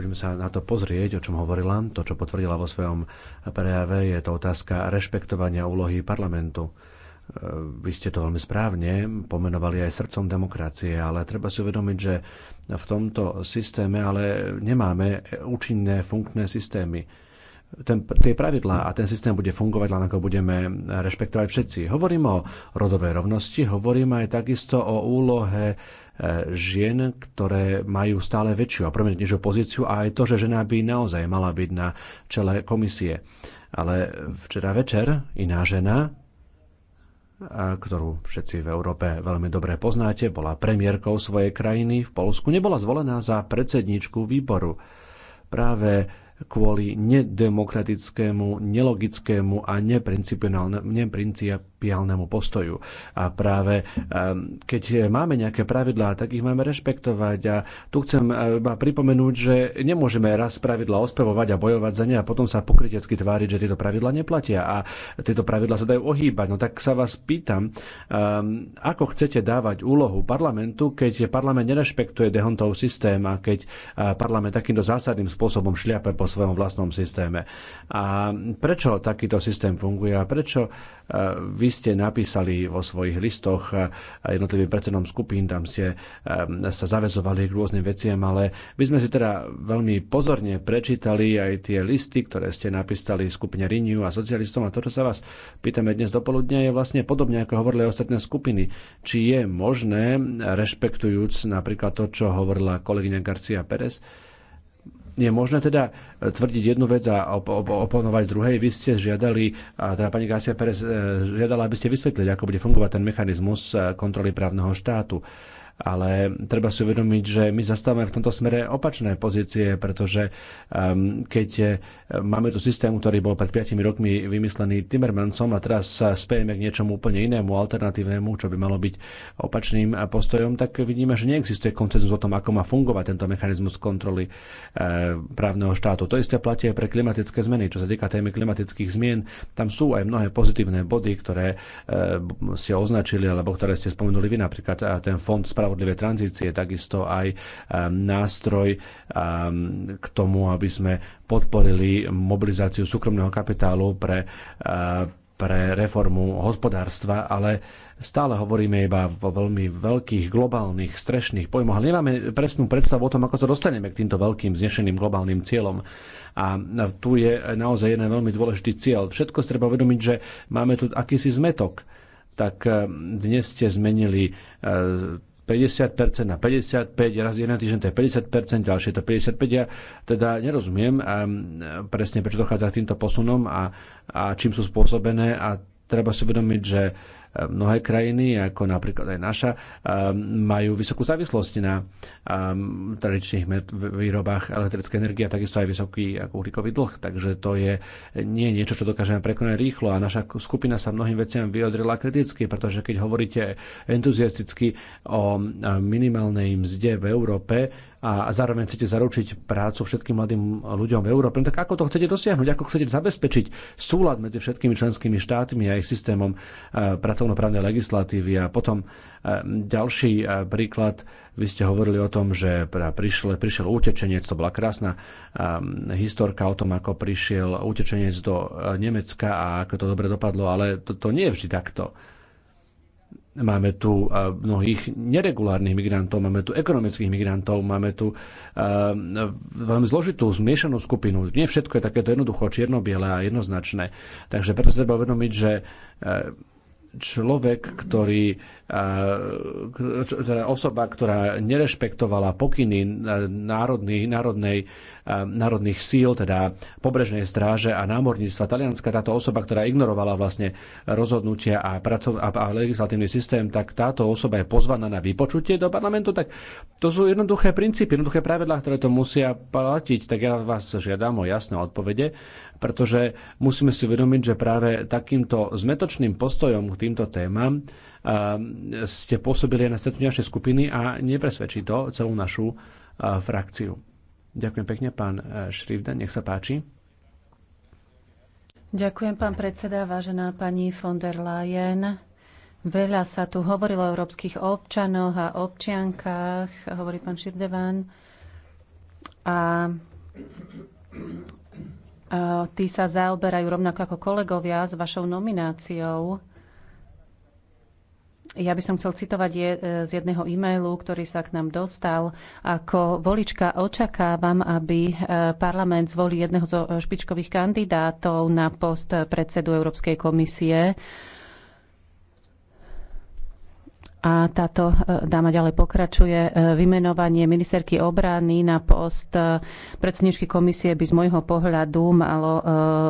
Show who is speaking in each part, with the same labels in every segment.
Speaker 1: Poďme sa na to pozrieť, o čom hovorila. To, čo potvrdila vo svojom prejave, je to otázka rešpektovania úlohy parlamentu. E, vy ste to veľmi správne pomenovali aj srdcom demokracie, ale treba si uvedomiť, že v tomto systéme ale nemáme účinné funkčné systémy ten, tie pravidlá a ten systém bude fungovať len ako budeme rešpektovať všetci. Hovorím o rodovej rovnosti, hovorím aj takisto o úlohe žien, ktoré majú stále väčšiu a prominentnejšiu pozíciu a aj to, že žena by naozaj mala byť na čele komisie. Ale včera večer iná žena, ktorú všetci v Európe veľmi dobre poznáte, bola premiérkou svojej krajiny v Polsku, nebola zvolená za predsedničku výboru. Práve kvôli nedemokratickému, nelogickému a neprincipiálnemu, principiálnemu postoju. A práve ehm, keď máme nejaké pravidlá, tak ich máme rešpektovať. A tu chcem e, iba pripomenúť, že nemôžeme raz pravidlá ospevovať a bojovať za ne a potom sa pokritecky tváriť, že tieto pravidlá neplatia a tieto pravidlá sa dajú ohýbať. No tak sa vás pýtam, ehm, ako chcete dávať úlohu parlamentu, keď parlament nerešpektuje dehontov systém a keď e, parlament takýmto zásadným spôsobom šliape po svojom vlastnom systéme. A prečo takýto systém funguje a prečo e, vy ste napísali vo svojich listoch jednotlivým predsedom skupín, tam ste sa zavezovali k rôznym veciam, ale my sme si teda veľmi pozorne prečítali aj tie listy, ktoré ste napísali skupine Riniu a socialistom a to, čo sa vás pýtame dnes dopoludne, je vlastne podobne, ako hovorili ostatné skupiny. Či je možné, rešpektujúc napríklad to, čo hovorila kolegyňa Garcia Pérez, je možné teda e, tvrdiť jednu vec a op- op- oponovať druhej. Vy ste žiadali, a teda pani Garcia Perez e, žiadala, aby ste vysvetlili, ako bude fungovať ten mechanizmus e, kontroly právneho štátu ale treba si uvedomiť, že my zastávame v tomto smere opačné pozície, pretože um, keď eh, máme tu systém, ktorý bol pred 5 rokmi vymyslený Timmermansom a teraz sa spejeme k niečomu úplne inému, alternatívnemu, čo by malo byť opačným postojom, tak vidíme, že neexistuje koncenzus o tom, ako má fungovať tento mechanizmus kontroly e, právneho štátu. To isté platí aj pre klimatické zmeny. Čo sa týka témy klimatických zmien, tam sú aj mnohé pozitívne body, ktoré e, eh, ste označili alebo ktoré ste spomenuli vy, napríklad ten fond spravodlivosti spravodlivé tranzície, takisto aj eh, nástroj ehm, k tomu, aby sme podporili mobilizáciu súkromného kapitálu pre eh, pre reformu hospodárstva, ale stále hovoríme iba o veľmi veľkých globálnych strešných pojmoch, ale nemáme presnú predstavu o tom, ako sa dostaneme k týmto veľkým znešeným globálnym cieľom. A tu je naozaj jeden veľmi dôležitý cieľ. Všetko treba uvedomiť, že máme tu akýsi zmetok tak eh, dnes ste zmenili 50% na 55, raz jeden týždeň to je 50%, ďalšie to 55. Ja teda nerozumiem presne, prečo dochádza k týmto posunom a, a čím sú spôsobené a treba si uvedomiť, že Mnohé krajiny, ako napríklad aj naša, um, majú vysokú závislosť na um, tradičných výrobách elektrické energie a takisto aj vysoký uhlíkový dlh. Takže to je nie niečo, čo dokážeme prekonať rýchlo a naša skupina sa mnohým veciam vyjadrila kriticky, pretože keď hovoríte entuziasticky o um, minimálnej mzde v Európe, a zároveň chcete zaručiť prácu všetkým mladým ľuďom v Európe. No tak ako to chcete dosiahnuť? Ako chcete zabezpečiť súlad medzi všetkými členskými štátmi a ich systémom e, pracovnoprávnej legislatívy? A potom e, ďalší e, príklad, vy ste hovorili o tom, že prišiel, prišiel utečenec, to bola krásna ehm, historka o tom, ako prišiel utečenec do Nemecka a ako to dobre dopadlo, ale to, to nie je vždy takto. Máme tu mnohých neregulárnych migrantov, máme tu ekonomických migrantov, máme tu veľmi zložitú zmiešanú skupinu. Nie všetko je takéto jednoducho čierno-biele a jednoznačné. Takže preto treba uvedomiť, že e, človek, ktorý, e, teda osoba, ktorá nerešpektovala pokyny e, národnej, národnej Eh, národných síl, teda pobrežnej stráže a námorníctva Talianska. Táto osoba, ktorá ignorovala vlastne rozhodnutia a, pracov- a, a legislatívny systém, tak táto osoba je pozvaná na vypočutie do parlamentu. Tak to sú jednoduché princípy, jednoduché pravidlá, ktoré to musia platiť. Tak ja vás žiadam o jasné odpovede, pretože musíme si uvedomiť, že práve takýmto zmetočným postojom k týmto témam eh, ste pôsobili aj na stretnutia skupiny a nepresvedčí to celú našu eh, frakciu. Ďakujem pekne, pán e, Šrivda, nech sa páči.
Speaker 2: Ďakujem, pán predseda, vážená pani von der Leyen. Veľa sa tu hovorilo o európskych občanoch a občiankách, hovorí pán Širdevan. A, a tí sa zaoberajú rovnako ako kolegovia s vašou nomináciou ja by som chcel citovať je e, z jedného e-mailu, ktorý sa k nám dostal. Ako volička očakávam, aby e, parlament zvolil jedného zo špičkových kandidátov na post predsedu Európskej komisie a táto e, dáma ďalej pokračuje. E, vymenovanie ministerky obrany na post e, predsedničky komisie by z môjho pohľadu malo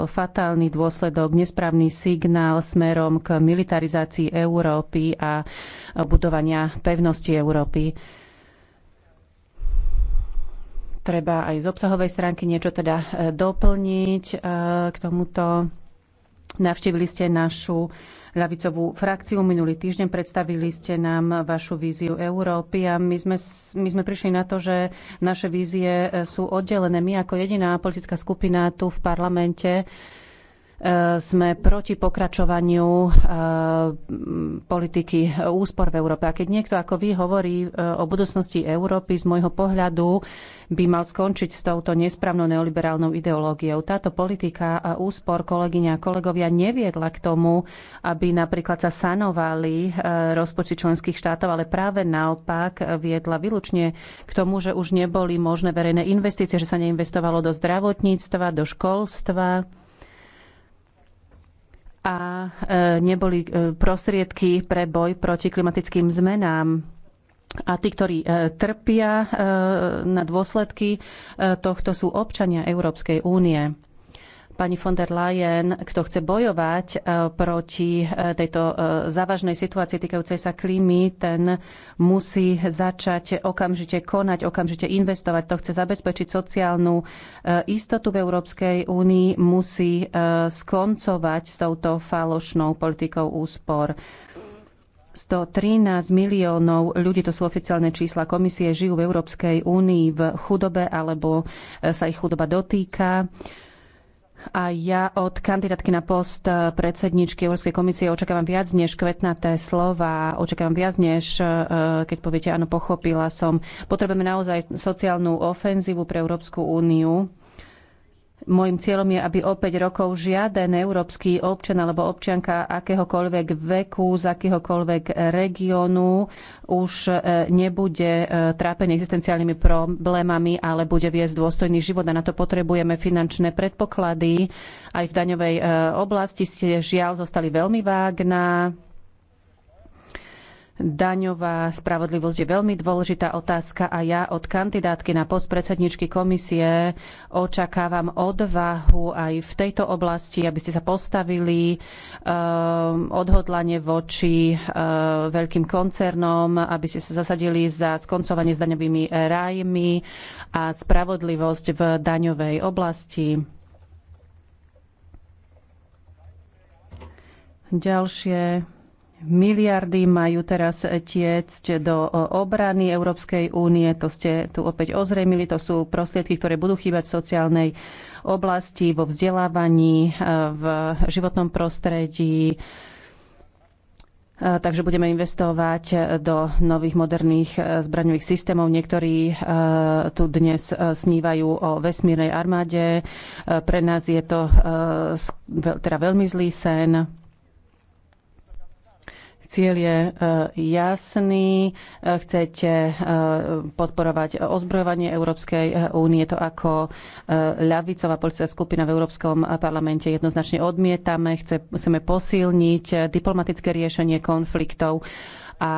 Speaker 2: fatálny dôsledok, nesprávny signál smerom k militarizácii Európy a budovania pevnosti Európy. Treba aj z obsahovej stránky niečo teda doplniť k tomuto Navštívili ste našu ľavicovú frakciu minulý týždeň, predstavili ste nám vašu víziu Európy a my sme, my sme prišli na to, že naše vízie sú oddelené. My ako jediná politická skupina tu v parlamente Eh, sme proti pokračovaniu eh, politiky úspor v Európe. A keď niekto ako vy hovorí eh, o budúcnosti Európy, z môjho pohľadu by mal skončiť s touto nesprávnou neoliberálnou ideológiou. Táto politika a úspor, kolegyňa a kolegovia, neviedla k tomu, aby napríklad sa sanovali rozpočty členských štátov, ale práve naopak viedla výlučne k tomu, že už neboli možné verejné investície, že sa neinvestovalo do zdravotníctva, do školstva, a e, neboli e, prostriedky pre boj proti klimatickým zmenám. A tí, ktorí e, trpia na dôsledky tohto, sú občania Európskej únie pani von der Leyen, kto chce bojovať e, proti e, tejto e, závažnej situácii týkajúcej sa klímy, ten musí začať okamžite konať, okamžite investovať. To chce zabezpečiť sociálnu istotu v Európskej únii, musí skoncovať s touto falošnou politikou úspor. 113 miliónov ľudí, to sú oficiálne čísla komisie, žijú v Európskej únii v chudobe alebo sa ich chudoba dotýka. A ja od kandidátky na post eh, predsedničky Európskej komisie očakávam viac než kvetnaté slova, očakávam viac než, eh, keď poviete, áno, pochopila som. Potrebujeme naozaj sociálnu ofenzívu pre Európsku úniu, Mojím cieľom je, aby o 5 rokov žiaden európsky občan alebo občianka akéhokoľvek veku, z akéhokoľvek regiónu už e, nebude e, trápený existenciálnymi problémami, ale bude viesť dôstojný život a na to potrebujeme finančné predpoklady. Aj v daňovej e, oblasti ste žiaľ zostali veľmi vágna Daňová spravodlivosť je veľmi dôležitá otázka a ja od kandidátky na post predsedničky komisie očakávam odvahu aj v tejto oblasti, aby ste sa postavili um, ehm, odhodlanie voči ehm, veľkým koncernom, aby ste sa zasadili za skoncovanie s daňovými rájmi a spravodlivosť v daňovej oblasti. Ďalšie Miliardy majú teraz tiecť do e, obrany Európskej únie. To ste tu opäť ozrejmili. To sú prostriedky, ktoré budú chýbať v sociálnej oblasti, vo vzdelávaní, e, v životnom prostredí. E, takže budeme investovať do nových moderných zbraňových systémov. Niektorí tu dnes snívajú o vesmírnej armáde. Pre nás je to teda veľmi zlý sen Cieľ je e, jasný. E, chcete e, podporovať ozbrojovanie Európskej únie. To ako ľavicová politická skupina v Európskom parlamente jednoznačne odmietame. Chceme posilniť diplomatické riešenie konfliktov a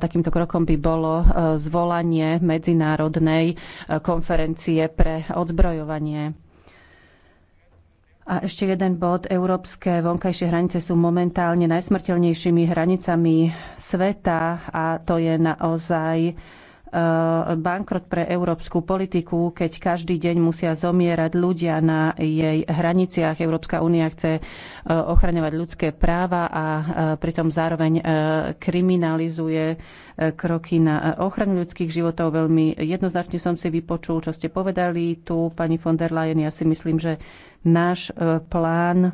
Speaker 2: takýmto krokom by bolo zvolanie medzinárodnej konferencie pre odzbrojovanie a ešte jeden bod. Európske vonkajšie hranice sú momentálne najsmrteľnejšími hranicami sveta a to je naozaj Eh, bankrot pre európsku politiku, keď každý deň musia zomierať ľudia na jej hraniciach. Európska únia chce eh, ochraňovať ľudské práva a eh, pritom zároveň kriminalizuje kroky na ochranu ľudských životov. Veľmi jednoznačne som si vypočul, čo ste povedali tu, pani von der Leyen. Ja si myslím, že náš plán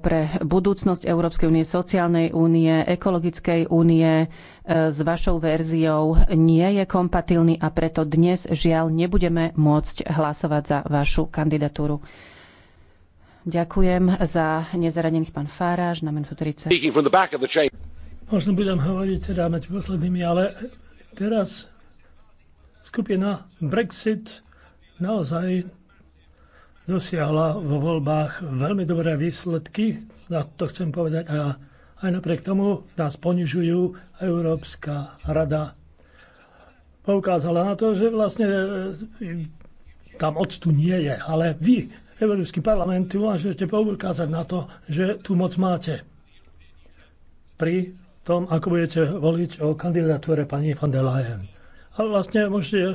Speaker 2: pre budúcnosť Európskej únie, sociálnej únie, ekologickej únie e, s vašou verziou nie je kompatilný a preto dnes žiaľ nebudeme môcť hlasovať za vašu kandidatúru.
Speaker 3: Ďakujem za nezaranených pán Fáraž na minútu 30. Možno budem hovoriť teda medzi poslednými, ale teraz skupina Brexit naozaj dosiahla vo voľbách veľmi dobré výsledky, na to chcem povedať, a aj napriek tomu nás ponižujú Európska rada. Poukázala na to, že vlastne e, tam tu nie je, ale vy, Európsky parlament, môžete poukázať na to, že tu moc máte. Pri tom, ako budete voliť o kandidatúre pani van der Leyen. Ale vlastne môžete e, e,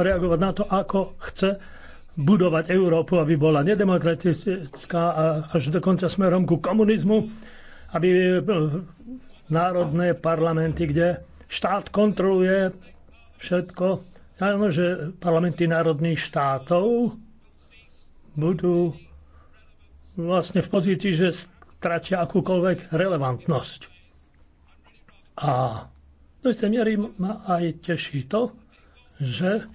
Speaker 3: reagovať na to, ako chce budovať Európu, aby bola nedemokratická a až dokonca smerom ku komunizmu, aby národné parlamenty, kde štát kontroluje všetko. Áno, že parlamenty národných štátov budú vlastne v pozícii, že stratia akúkoľvek relevantnosť. A do istej miery ma aj teší to, že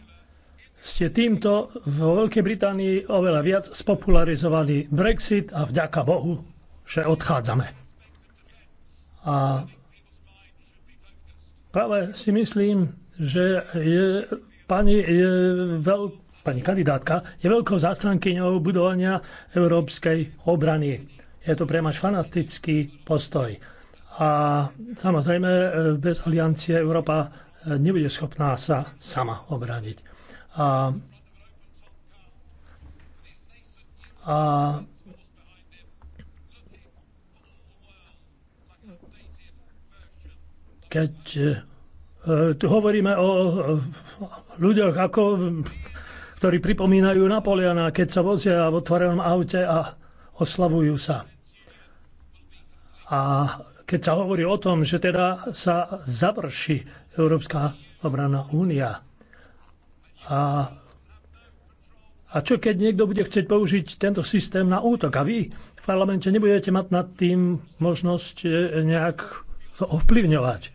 Speaker 3: ste týmto v Veľkej Británii oveľa viac spopularizovali Brexit a vďaka Bohu, že odchádzame. A práve si myslím, že je pani, je veľ, pani kandidátka je veľkou zástrankyňou budovania európskej obrany. Je to priamaž fanastický postoj. A samozrejme, bez aliancie Európa nebude schopná sa sama obraniť. A, a keď e, tu hovoríme o ľuďoch, ako, ktorí pripomínajú Napoleona, keď sa vozia v otvorenom aute a oslavujú sa. A keď sa hovorí o tom, že teda sa završí Európska obranná únia, a, a čo keď niekto bude chcieť použiť tento systém na útok a vy v parlamente nebudete mať nad tým možnosť e, nejak to ovplyvňovať?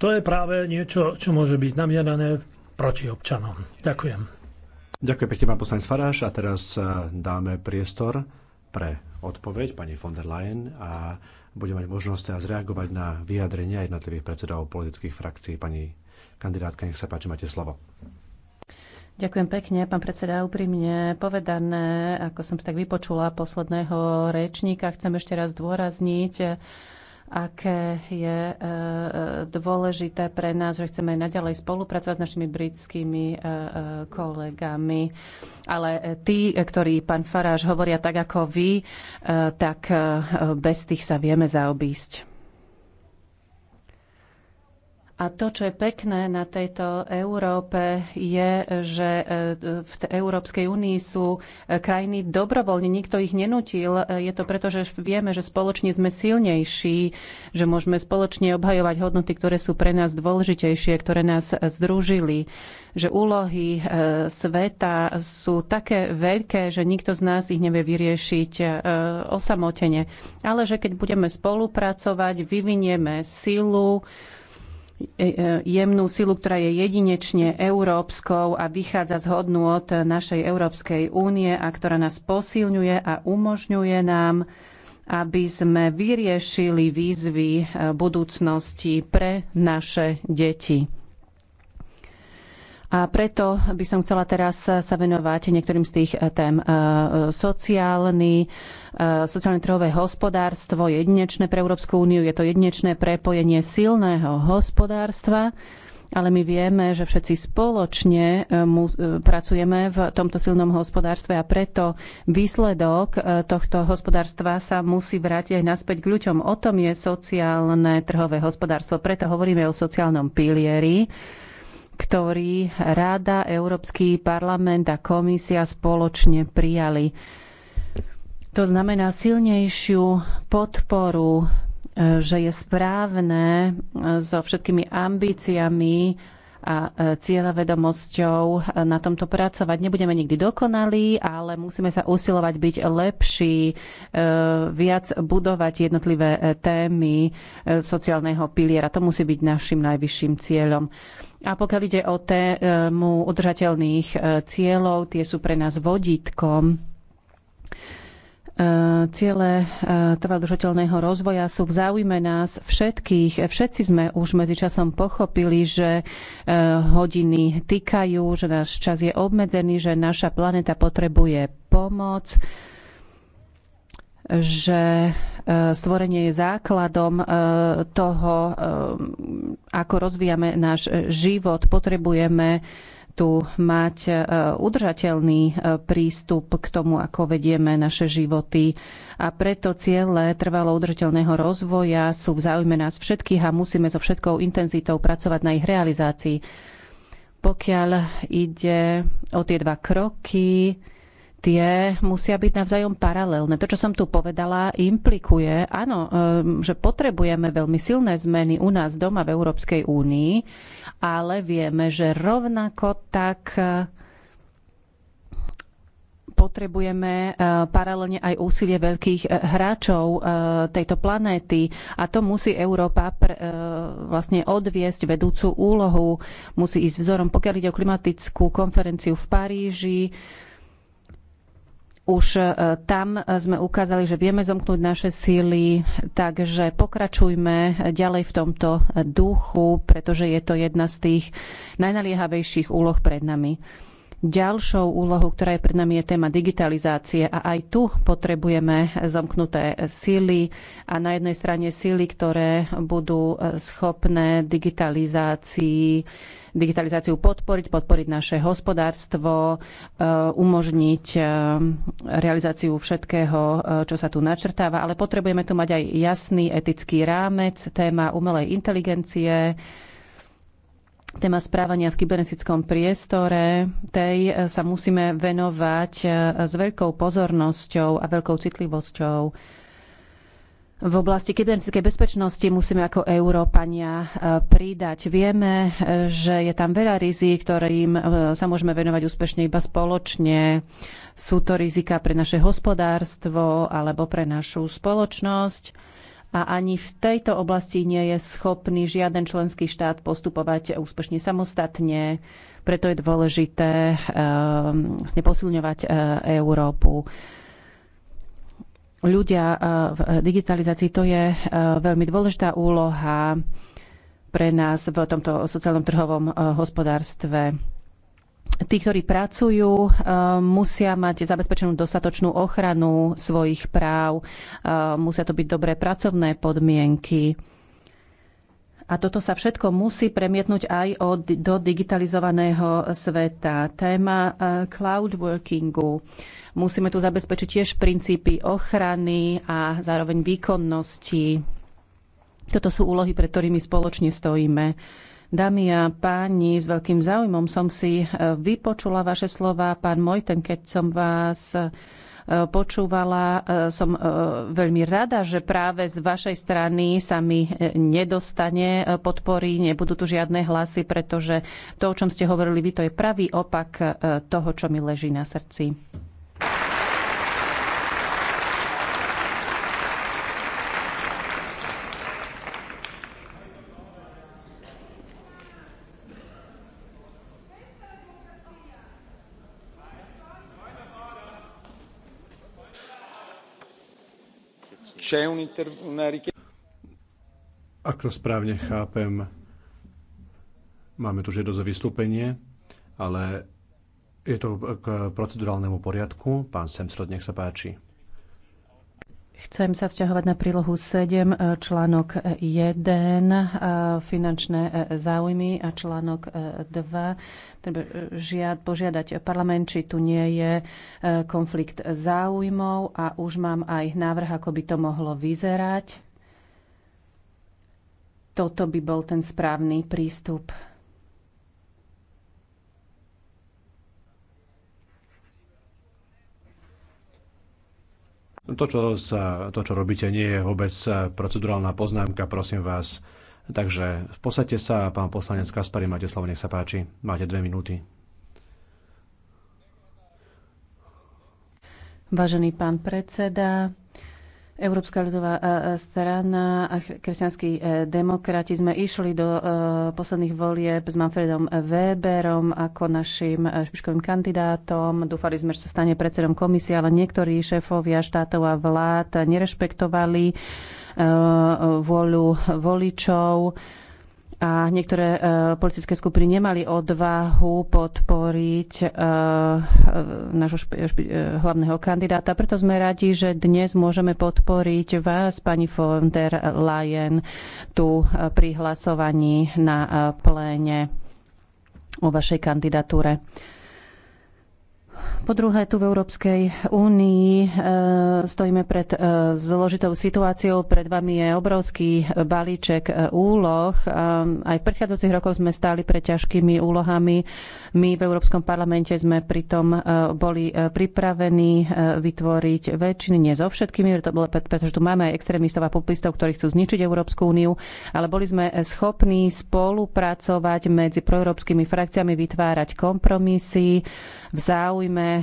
Speaker 3: To je práve niečo, čo môže byť namierané proti občanom. Ďakujem.
Speaker 1: Ďakujem pekne, pán poslanec Faráš. A teraz e, dáme priestor pre odpoveď pani von der Leyen a bude mať možnosť teraz reagovať na vyjadrenia jednotlivých predsedov politických frakcií. Pani Kandidátka, nech sa páči, máte slovo.
Speaker 2: Ďakujem pekne, pán predseda. Úprimne povedané, ako som si tak vypočula posledného rečníka, chcem ešte raz dôrazniť, aké je eh, dôležité pre nás, že chceme aj naďalej spolupracovať s našimi britskými eh, eh, kolegami. Ale tí, ktorí, pán Faráž, hovoria tak ako vy, tak bez tých sa vieme zaobísť. A to, čo je pekné na tejto Európe, je, že e, v Európskej únii sú e, krajiny dobrovoľne, nikto ich nenutil. E, je to preto, že vieme, že spoločne sme silnejší, že môžeme spoločne obhajovať hodnoty, ktoré sú pre nás dôležitejšie, ktoré nás združili, že úlohy sveta sú také veľké, že nikto z nás ich nevie vyriešiť osamotene. Ale že keď budeme spolupracovať, vyvinieme silu, E, e, jemnú silu, ktorá je jedinečne európskou a vychádza z hodnú od našej Európskej únie a ktorá nás posilňuje a umožňuje nám, aby sme vyriešili výzvy e, budúcnosti pre naše deti. A preto by som chcela teraz sa venovať niektorým z tých eh, tém. Eh, sociálny, eh, sociálne trhové hospodárstvo je jedinečné pre Európsku úniu, je to jedinečné prepojenie silného hospodárstva, ale my vieme, že všetci spoločne pracujeme v tomto silnom hospodárstve a preto výsledok tohto hospodárstva sa musí vrátiť aj naspäť k ľuďom. O tom je sociálne trhové hospodárstvo. Preto hovoríme o sociálnom pilieri ktorý Rada, Európsky parlament a komisia spoločne prijali. To znamená silnejšiu podporu, e, že je správne e, so všetkými ambíciami a e, cieľavedomosťou na tomto pracovať. Nebudeme nikdy dokonalí, ale musíme sa usilovať byť lepší, viac budovať jednotlivé témy sociálneho piliera. To musí byť našim najvyšším cieľom. A pokiaľ ide o tému udržateľných e, cieľov, tie sú pre nás vodítkom. E, ciele e, trvalodržateľného rozvoja sú v záujme nás všetkých. Všetci sme už medzičasom pochopili, že hodiny týkajú, že náš čas je obmedzený, že naša planeta potrebuje pomoc že e, stvorenie je základom e, toho, e, ako rozvíjame náš život. Potrebujeme tu mať udržateľný prístup k tomu, ako vedieme naše životy. A preto ciele trvalo udržateľného rozvoja sú v záujme nás všetkých a musíme so všetkou intenzitou pracovať na ich realizácii. Pokiaľ ide o tie dva kroky, tie musia byť navzájom paralelné. To, čo som tu povedala, implikuje, áno, ehm, že potrebujeme veľmi silné zmeny u nás doma v Európskej únii, ale vieme, že rovnako tak eh, potrebujeme eh, paralelne aj úsilie veľkých eh, hráčov tejto planéty a to musí Európa vlastne odviesť vedúcu úlohu, musí ísť vzorom. Pokiaľ ide o klimatickú konferenciu v Paríži, už e, tam e, sme ukázali, že vieme zomknúť naše síly, takže pokračujme ďalej v tomto duchu, pretože je to jedna z tých najnaliehavejších úloh pred nami. Ďalšou úlohou, ktorá je pred nami, je téma digitalizácie a aj tu potrebujeme zomknuté síly a na jednej strane síly, ktoré budú e, schopné digitalizácii digitalizáciu podporiť, podporiť naše hospodárstvo, e, umožniť e, realizáciu všetkého, e, čo sa tu načrtáva, ale potrebujeme tu mať aj jasný etický rámec, téma umelej inteligencie, téma správania v kybernetickom priestore, tej sa musíme venovať s veľkou pozornosťou a veľkou citlivosťou v oblasti kybernetickej bezpečnosti musíme ako Európania e, pridať. Vieme, e, že je tam veľa rizík, ktorým e, sa môžeme venovať úspešne iba spoločne. Sú to rizika pre naše hospodárstvo alebo pre našu spoločnosť. A ani v tejto oblasti nie je schopný žiaden členský štát postupovať úspešne samostatne. Preto je dôležité um, posilňovať Európu ľudia e, v e, digitalizácii, to je e, veľmi dôležitá úloha pre nás v tomto sociálnom trhovom hospodárstve. Tí, ktorí pracujú, musia mať zabezpečenú dostatočnú ochranu svojich práv, musia to byť dobré pracovné podmienky. A toto sa všetko musí premietnúť aj od, do digitalizovaného sveta. Téma cloud workingu Musíme tu zabezpečiť tiež princípy ochrany a zároveň výkonnosti. Toto sú úlohy, pred ktorými spoločne stojíme. Dámy a páni, s veľkým záujmom som si e, vypočula vaše slova. Pán Mojten, keď som vás e, počúvala, e, som veľmi rada, že práve z vašej strany sa mi nedostane podpory, nebudú tu žiadne hlasy, pretože to, o čom ste hovorili vy, to je pravý opak toho, čo mi leží na srdci.
Speaker 1: Ak to správne chápem, máme tu žiadosť o vystúpenie, ale je to k procedurálnemu poriadku. Pán Semsrod, nech sa páči.
Speaker 2: Chcem sa vzťahovať na prílohu 7, e, článok 1, e, finančné e, záujmy a článok 2. Treba žiad, požiadať parlament, či tu nie je konflikt záujmov a už mám aj návrh, ako by to mohlo vyzerať. Toto by bol ten správny prístup.
Speaker 1: To, čo, sa, to, čo robíte, nie je vôbec eh, procedurálna poznámka, prosím vás. Takže v podstate sa, pán poslanec Kaspari, máte slovo, nech sa páči. Máte dve minúty.
Speaker 2: Vážený pán predseda, Európska ľudová e, e, strana a kresťanskí e, demokrati sme išli do posledných volieb s Manfredom Weberom ako našim špičkovým kandidátom. Dúfali sme, že sa stane predsedom komisie, ale niektorí šéfovia štátov a vlád nerešpektovali vôľu voličov a niektoré e, politické skupiny nemali odvahu podporiť e, e, nášho hlavného kandidáta. Preto sme radi, že dnes môžeme podporiť vás, pani von der Leyen, tu pri hlasovaní na pléne o vašej kandidatúre. Po druhé, tu v Európskej únii e, stojíme pred e, zložitou situáciou. Pred vami je obrovský balíček e, úloh. Aj v predchádzajúcich rokoch sme stáli pred ťažkými úlohami. My v Európskom parlamente sme pritom boli pripravení vytvoriť väčšiny, nie so všetkými, pretože tu máme aj extrémistov a populistov, ktorí chcú zničiť Európsku úniu, ale boli sme schopní spolupracovať medzi proeurópskymi frakciami, vytvárať kompromisy v záujme záujme e,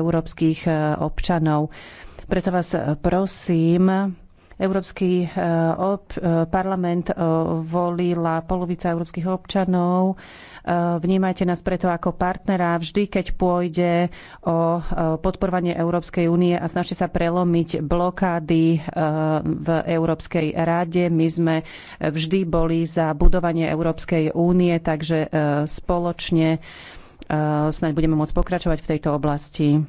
Speaker 2: európskych e, občanov. Preto vás e, prosím, Európsky parlament volila polovica európskych občanov. Vnímajte nás preto ako partnera vždy, keď pôjde o podporovanie Európskej únie a snažte sa prelomiť blokády v Európskej rade. My sme vždy boli za budovanie Európskej únie, takže spoločne Eh, snáď budeme môcť pokračovať v tejto oblasti.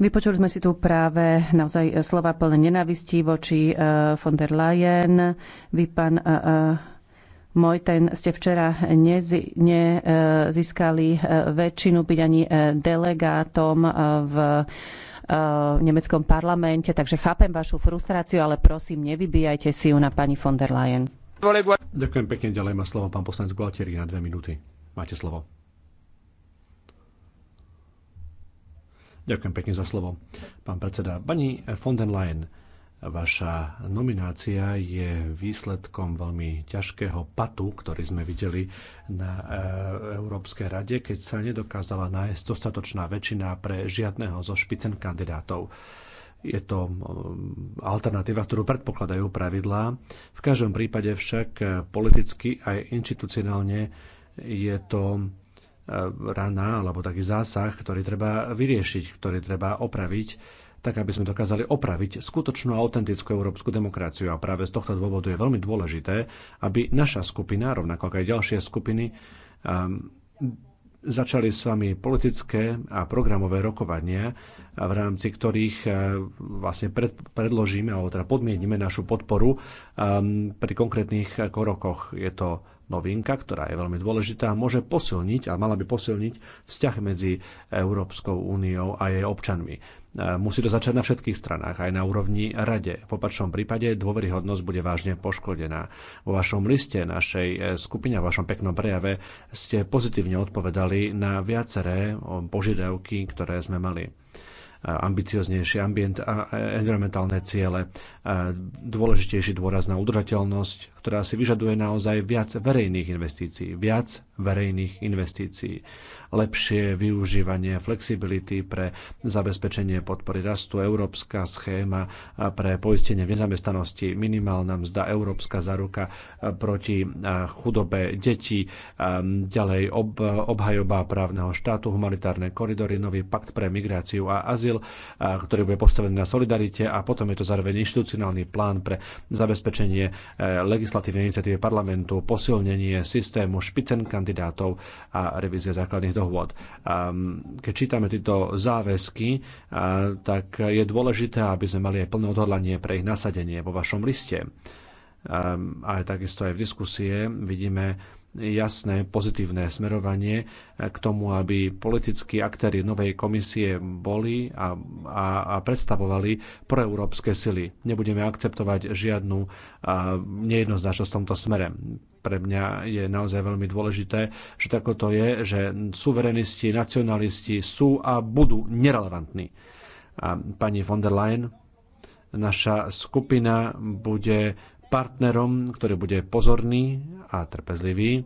Speaker 2: Vypočuli sme si tu práve naozaj eh, slova plné nenavistí voči eh, von der Leyen. Vy, pán môj, ten ste včera nezískali väčšinu byť ani delegátom v nemeckom parlamente, takže chápem vašu frustráciu, ale prosím, nevybíjajte si ju na pani von der Leyen.
Speaker 1: Ďakujem pekne, ďalej má slovo pán poslanec Gualtieri na dve minúty. Máte slovo. Ďakujem pekne za slovo, pán predseda. Pani von den Leyen, Vaša nominácia je výsledkom veľmi ťažkého patu, ktorý sme videli na eh, Európskej rade, keď sa nedokázala nájsť dostatočná väčšina pre žiadneho zo špicen kandidátov. Je to eh, alternatíva, ktorú predpokladajú pravidlá. V každom prípade však eh, politicky aj inštitucionálne je to rana alebo taký zásah, ktorý treba vyriešiť, ktorý treba opraviť, tak aby sme dokázali opraviť skutočnú a autentickú európsku demokraciu. A práve z tohto dôvodu je veľmi dôležité, aby naša skupina, rovnako ako aj ďalšie skupiny, um, začali s vami politické a programové rokovania, v rámci ktorých uh, vlastne pred, predložíme alebo teda podmienime našu podporu um, pri konkrétnych krokoch. Je to novinka, ktorá je veľmi dôležitá, môže posilniť a mala by posilniť vzťah medzi Európskou úniou a jej občanmi. E, musí to začať na všetkých stranách, aj na úrovni rade. V opačnom prípade dôveryhodnosť bude vážne poškodená. Vo vašom liste našej e, skupine, v vašom peknom prejave ste pozitívne odpovedali na viaceré požiadavky, ktoré sme mali e, ambicioznejšie ambient a environmentálne ciele, dôležitejší dôraz na udržateľnosť, ktorá si vyžaduje naozaj viac verejných investícií, viac verejných investícií, lepšie využívanie flexibility pre zabezpečenie podpory rastu, európska schéma pre poistenie v nezamestnanosti, minimálna mzda, európska zaruka proti chudobe detí, ďalej ob, obhajoba právneho štátu, humanitárne koridory, nový pakt pre migráciu a azyl, ktorý bude postavený na solidarite a potom je to zároveň inštitucionálny plán pre zabezpečenie e, legislatívy legislatívnej iniciatíve parlamentu, posilnenie systému špicen kandidátov a revízie základných dohôd. Keď čítame tieto záväzky, tak je dôležité, aby sme mali aj plné odhodlanie pre ich nasadenie vo vašom liste. A takisto aj v diskusie vidíme jasné pozitívne smerovanie e, k tomu, aby politickí aktéry novej komisie boli a, a, a predstavovali proeurópske sily. Nebudeme akceptovať žiadnu nejednoznačnosť v tomto smere pre mňa je naozaj veľmi dôležité, že takoto je, že suverenisti, nacionalisti sú a budú nerelevantní. A pani von der Leyen, naša skupina bude partnerom, ktorý bude pozorný a trpezlivý.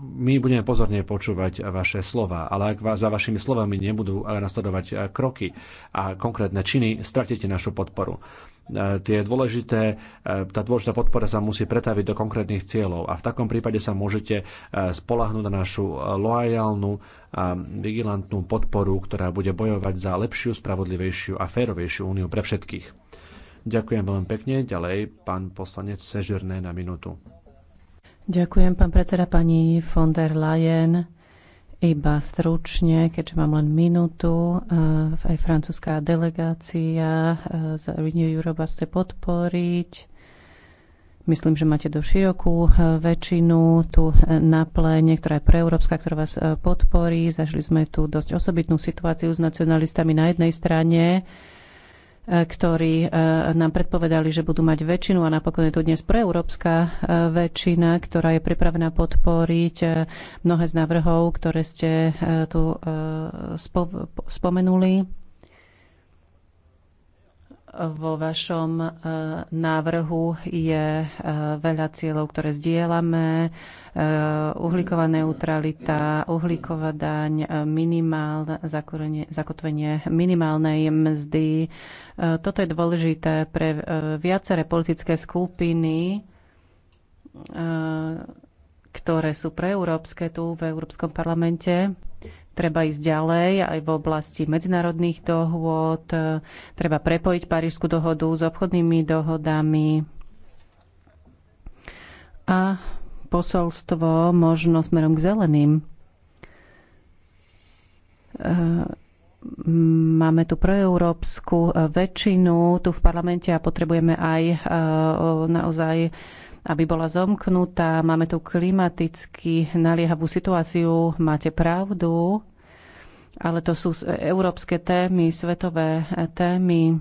Speaker 1: My budeme pozorne počúvať vaše slova, ale ak za vašimi slovami nebudú nasledovať kroky a konkrétne činy, stratíte našu podporu e, tie dôležité, e, tá dôležitá podpora sa musí pretaviť do konkrétnych cieľov a v takom prípade sa môžete e, spolahnúť na našu loajálnu a vigilantnú podporu, ktorá bude bojovať za lepšiu, spravodlivejšiu a férovejšiu úniu pre všetkých. Ďakujem veľmi pekne. Ďalej pán poslanec Sežerné na minútu.
Speaker 2: Ďakujem, pán predseda, pani von der Leyen. Iba stručne, keďže mám len minútu, eh, aj francúzská delegácia eh, z Renew Europe chce podporiť. Myslím, že máte do širokú eh, väčšinu tu na pléne, ktorá je preeurópska, ktorá vás podporí. Zažili sme tu dosť osobitnú situáciu s nacionalistami na jednej strane, ktorí e, nám predpovedali, že budú mať väčšinu a napokon je tu dnes proeurópska e, väčšina, ktorá je pripravená podporiť e, mnohé z návrhov, ktoré ste tu spomenuli vo vašom e, návrhu je e, veľa cieľov, ktoré zdieľame. E, uhlíková neutralita, uhlíková daň, minimálne, zakotvenie minimálnej mzdy. Toto je dôležité pre viaceré politické skupiny, ktoré sú preeurópske tu v Európskom parlamente Treba ísť ďalej aj v oblasti medzinárodných dohôd, treba prepojiť Parížskú dohodu s obchodnými dohodami a posolstvo možno smerom k zeleným. Ehm, máme tu proeurópsku e, väčšinu tu v parlamente a potrebujeme aj e, naozaj aby bola zomknutá. Máme tu klimaticky naliehavú situáciu. Máte pravdu, ale to sú európske témy, svetové eh, témy.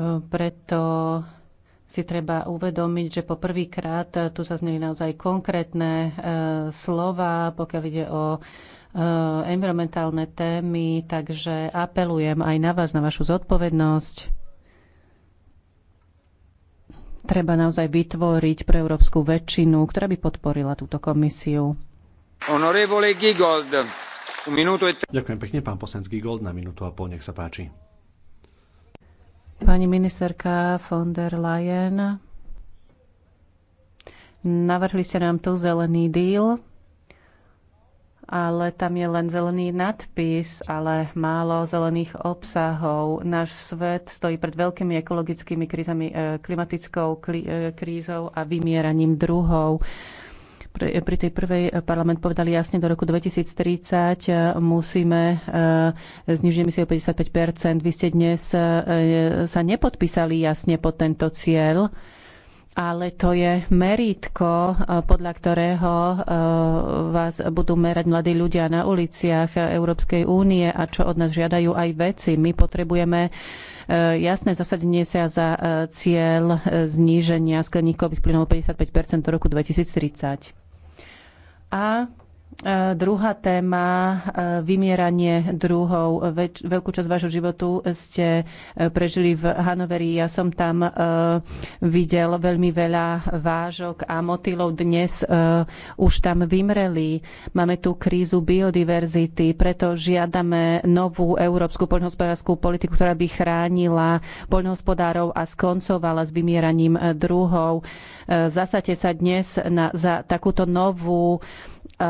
Speaker 2: Eh, preto si treba uvedomiť, že poprvýkrát eh, tu sa zneli naozaj konkrétne e, slova, pokiaľ ide o e, environmentálne témy, takže apelujem aj na vás, na vašu zodpovednosť treba naozaj vytvoriť pre európsku väčšinu, ktorá by podporila túto komisiu.
Speaker 1: Gigold, minútu e Ďakujem pekne, pán poslanec Gigold, na minútu a pol, nech sa páči.
Speaker 2: Pani ministerka von der Leyen, navrhli ste nám tu zelený díl, ale tam je len zelený nadpis, ale málo zelených obsahov. Náš svet stojí pred veľkými ekologickými krízami, e, klimatickou e, krízou a vymieraním druhov. Pri tej prvej e, parlament povedali jasne, do roku 2030 musíme znižiť emisie o 55 Vy ste dnes sa nepodpísali jasne pod tento cieľ ale to je merítko, e, podľa ktorého e, vás budú merať mladí ľudia na uliciach Európskej únie a čo od nás žiadajú aj veci. My potrebujeme e, jasné zasadenie sa za cieľ zníženia skleníkových plynov 55 do roku 2030. A E, druhá téma, e, vymieranie druhov. Veľkú časť vášho životu ste e, prežili v Hanoveri. Ja som tam videl veľmi veľa vážok a motýlov. Dnes už tam vymreli. Máme tu krízu biodiverzity, preto žiadame novú európsku poľnohospodárskú politiku, ktorá by chránila poľnohospodárov a skoncovala s vymieraním druhov. Zasate sa dnes na, za takúto novú Eh,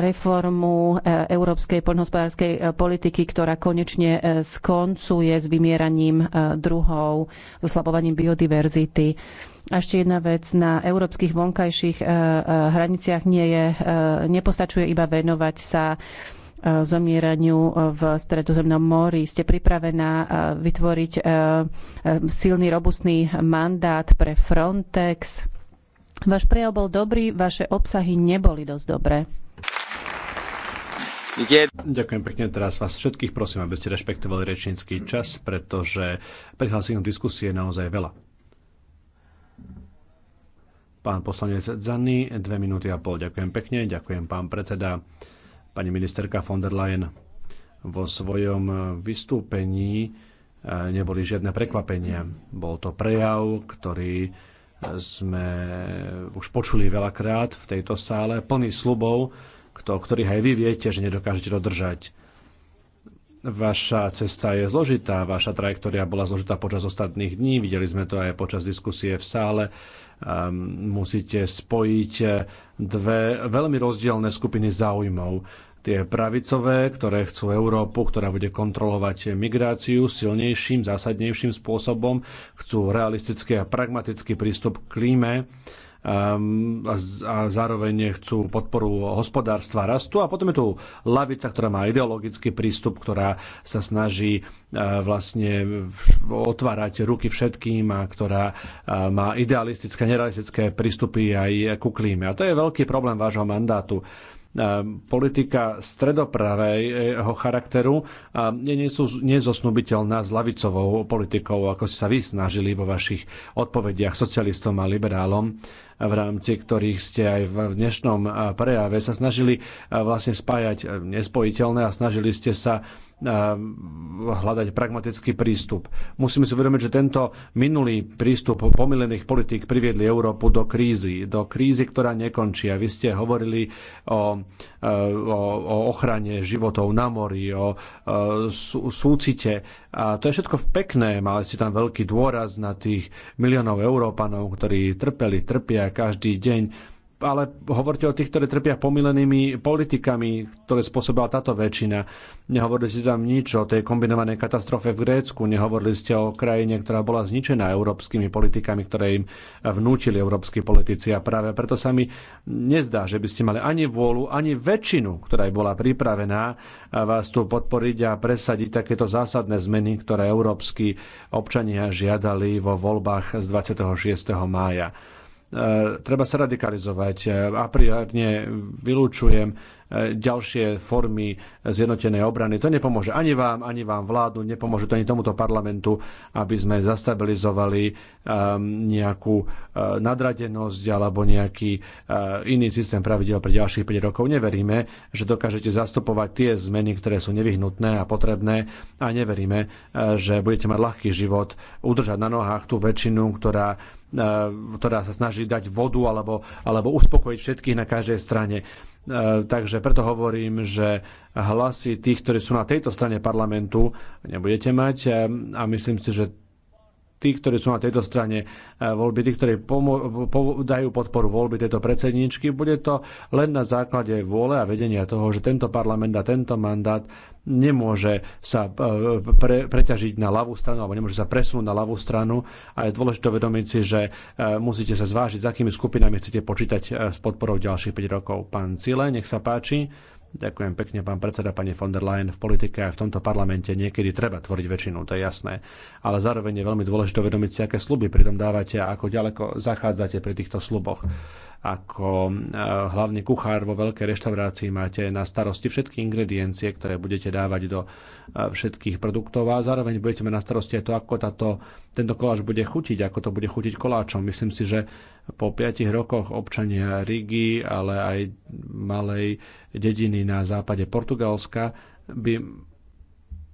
Speaker 2: reformu eh, európskej poľnohospodárskej eh, politiky, ktorá konečne skoncuje s vymieraním druhov, s oslabovaním biodiverzity. A ešte jedna vec, na európskych vonkajších hraniciach nie je, nepostačuje iba venovať sa zomieraniu v Stredozemnom mori. Ste pripravená vytvoriť silný, robustný mandát pre Frontex? Váš prejav bol dobrý, vaše obsahy neboli dosť dobré.
Speaker 1: Ďakujem pekne. Teraz vás všetkých prosím, aby ste rešpektovali rečnícky čas, pretože prihlásených diskusie je naozaj veľa. Pán poslanec Zanny, dve minúty a pol. Ďakujem pekne. Ďakujem pán predseda, pani ministerka von der Leyen. Vo svojom vystúpení eh, neboli žiadne prekvapenia. Bol to prejav, ktorý sme už počuli veľakrát v tejto sále, plný slubov, ktorých aj vy viete, že nedokážete dodržať. Vaša cesta je zložitá, vaša trajektória bola zložitá počas ostatných dní, videli sme to aj počas diskusie v sále. Um, musíte spojiť dve veľmi rozdielne skupiny záujmov tie pravicové, ktoré chcú Európu, ktorá bude kontrolovať migráciu silnejším, zásadnejším spôsobom, chcú realistický a pragmatický prístup k klíme um, a zároveň chcú podporu hospodárstva rastu. A potom je tu lavica, ktorá má ideologický prístup, ktorá sa snaží uh, vlastne otvárať ruky všetkým a ktorá uh, má idealistické, nerealistické prístupy aj ku klíme. A to je veľký problém vášho mandátu. Ehm, politika stredopravého charakteru ehm, nie, sú nezosnubiteľná s lavicovou politikou, ako ste sa vy snažili vo vašich odpovediach socialistom a liberálom v rámci ktorých ste aj v dnešnom eh, prejave sa snažili eh, vlastne spájať eh, nespojiteľné a snažili ste sa hľadať pragmatický prístup. Musíme si uvedomiť, že tento minulý prístup pomilených politík priviedli Európu do krízy, do krízy, ktorá nekončí. A vy ste hovorili o, e, o, o ochrane životov na mori, o, o e, sú, súcite. A to je všetko pekné. Mali ste tam veľký dôraz na tých miliónov Európanov, ktorí trpeli, trpia každý deň ale hovorte o tých, ktoré trpia pomilenými politikami, ktoré spôsobila táto väčšina. Nehovorili ste tam nič o tej kombinovanej katastrofe v Grécku, nehovorili ste o krajine, ktorá bola zničená európskymi politikami, ktoré im vnútili európsky politici. A práve preto sa mi nezdá, že by ste mali ani vôľu, ani väčšinu, ktorá bola pripravená vás tu podporiť a presadiť takéto zásadné zmeny, ktoré európsky občania žiadali vo voľbách z 26. mája. E, treba sa radikalizovať. E, a priárne vylúčujem e, ďalšie formy zjednotenej obrany. To nepomôže ani vám, ani vám vládu, nepomôže to ani tomuto parlamentu, aby sme zastabilizovali nejakú nadradenosť alebo nejaký iný systém pravidel pre ďalších 5 rokov. Neveríme, že dokážete zastupovať tie zmeny, ktoré sú nevyhnutné a potrebné a neveríme, že budete mať ľahký život udržať na nohách tú väčšinu, ktorá ktorá e, sa snaží dať vodu alebo, alebo uspokojiť všetkých na každej strane. E, takže preto hovorím, že hlasy tých, ktorí sú na tejto strane parlamentu, nebudete mať e, a myslím si, že tí, ktorí sú na tejto strane eh, voľby, tí, ktorí dajú podporu voľby tejto predsedničky. Bude to len na základe vôle a vedenia toho, že tento parlament a tento mandát nemôže sa eh, pre, preťažiť na ľavú stranu alebo nemôže sa presunúť na ľavú stranu a je dôležité uvedomiť si, že eh, musíte sa zvážiť, s akými skupinami chcete počítať s podporou ďalších 5 rokov. Pán Cile, nech sa páči. Ďakujem pekne, pán predseda, pani von der Leyen. V politike aj v tomto parlamente niekedy treba tvoriť väčšinu, to je jasné. Ale zároveň je veľmi dôležité uvedomiť si, aké sluby pritom dávate a ako ďaleko zachádzate pri týchto sluboch. Ako eh, hlavný kuchár vo veľkej reštaurácii máte na starosti všetky ingrediencie, ktoré budete dávať do eh, všetkých produktov a zároveň budete mať na starosti aj to, ako táto, tento koláč bude chutiť, ako to bude chutiť koláčom. Myslím si, že po piatich rokoch občania Rigi, ale aj malej dediny na západe Portugalska by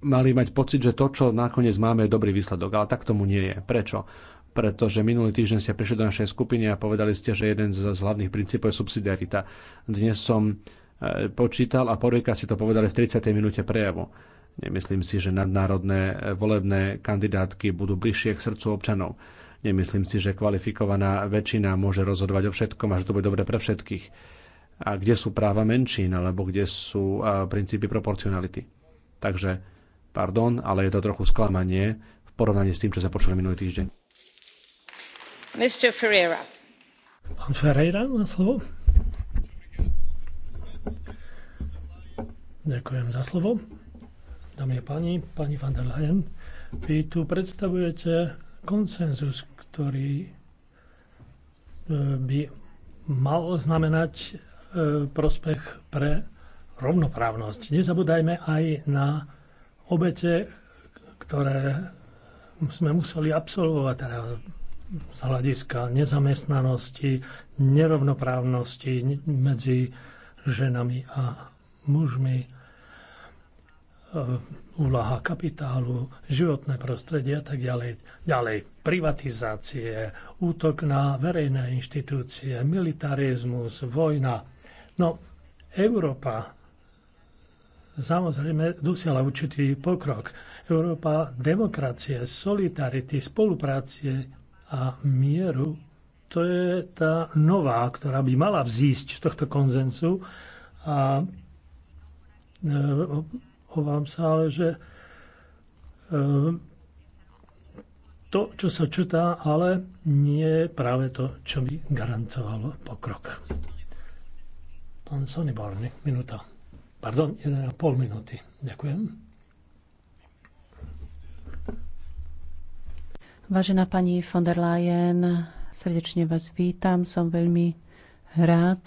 Speaker 1: mali mať pocit, že to, čo nakoniec máme, je dobrý výsledok. Ale tak tomu nie je. Prečo? pretože minulý týždeň ste prišli do našej skupiny a povedali ste, že jeden z hlavných princípov je subsidiarita. Dnes som e, počítal a porieka si to povedali v 30. minúte prejavu. Nemyslím si, že nadnárodné volebné kandidátky budú bližšie k srdcu občanov. Nemyslím si, že kvalifikovaná väčšina môže rozhodovať o všetkom a že to bude dobre pre všetkých. A kde sú práva menšín, alebo kde sú princípy proporcionality. Takže, pardon, ale je to trochu sklamanie v porovnaní s tým, čo sa počuli minulý týždeň.
Speaker 2: Mr. Ferreira.
Speaker 3: Pán Ferreira má slovo. Ďakujem za slovo. Dámy a páni, pani van der Leyen, vy tu predstavujete konsenzus, ktorý e, by mal znamenať e, prospech pre rovnoprávnosť. Nezabúdajme aj na obete, ktoré sme museli absolvovať teda z hľadiska nezamestnanosti, nerovnoprávnosti medzi ženami a mužmi. Eh, úlaha kapitálu, životné prostredie a tak ďalej. Ďalej privatizácie, útok na verejné inštitúcie, militarizmus, vojna. No, Európa samozrejme dosiala určitý pokrok. Európa demokracie, solidarity, spolupráce a mieru, to je tá nová, ktorá by mala vzísť z tohto konzensu a e, obávam sa, ale že ehm, to, čo sa čutá, ale nie je práve to, čo by garantovalo pokrok. Pán Sonny Barney, minúta. Pardon, 1,5 minúty. Ďakujem.
Speaker 2: Vážená pani von der Leyen, srdečne vás vítam. Som veľmi rád,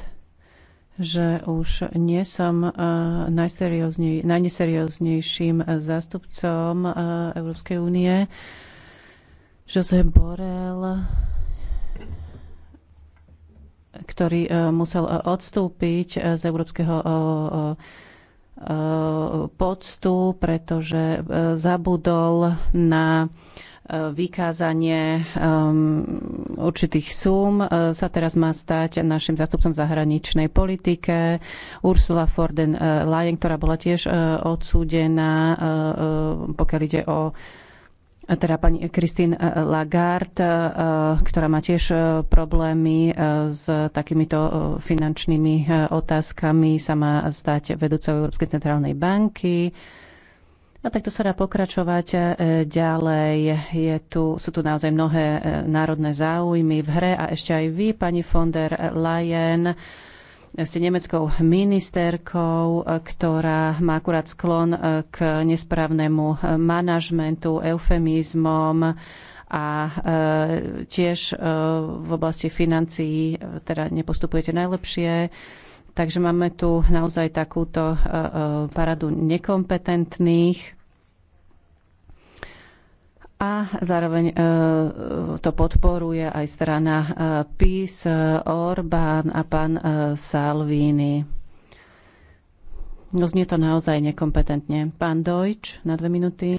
Speaker 2: že už nie som eh, najneserióznejším eh, zástupcom eh, Európskej únie. jose Borel, ktorý musel odstúpiť z Európskeho poctu, pretože zabudol na vykázanie um, určitých súm uh, sa teraz má stať našim zastupcom zahraničnej politike. Ursula Forden uh, Leyen, ktorá bola tiež uh, odsúdená, pokiaľ ide o teda pani Christine Lagarde, ktorá má tiež problémy s takýmito finančnými otázkami, sa má stať vedúcou Európskej centrálnej banky. A takto sa dá pokračovať e, ďalej. Je tu, sú tu naozaj mnohé e, národné záujmy v hre a ešte aj vy, pani von der Leyen, ste nemeckou ministerkou, e, ktorá má akurát sklon k nesprávnemu manažmentu, eufemizmom a tiež v oblasti financií teda nepostupujete najlepšie. Takže máme tu naozaj takúto paradu nekompetentných a zároveň e, to podporuje aj strana e, PIS, e, Orbán a pán Salvini. No znie to naozaj nekompetentne. Pán Dojč, na dve minúty.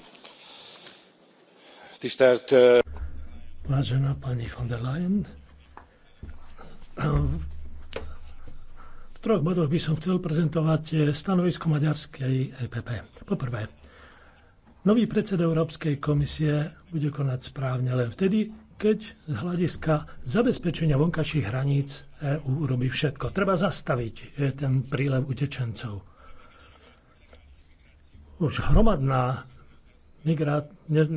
Speaker 3: Vážená pani von der Leyen, v troch bodoch by som chcel prezentovať stanovisko maďarskej EPP. Poprvé, Nový predseda Európskej komisie bude konať správne len vtedy, keď z hľadiska zabezpečenia vonkajších hraníc EÚ robí všetko. Treba zastaviť e, ten prílev utečencov. Už hromadná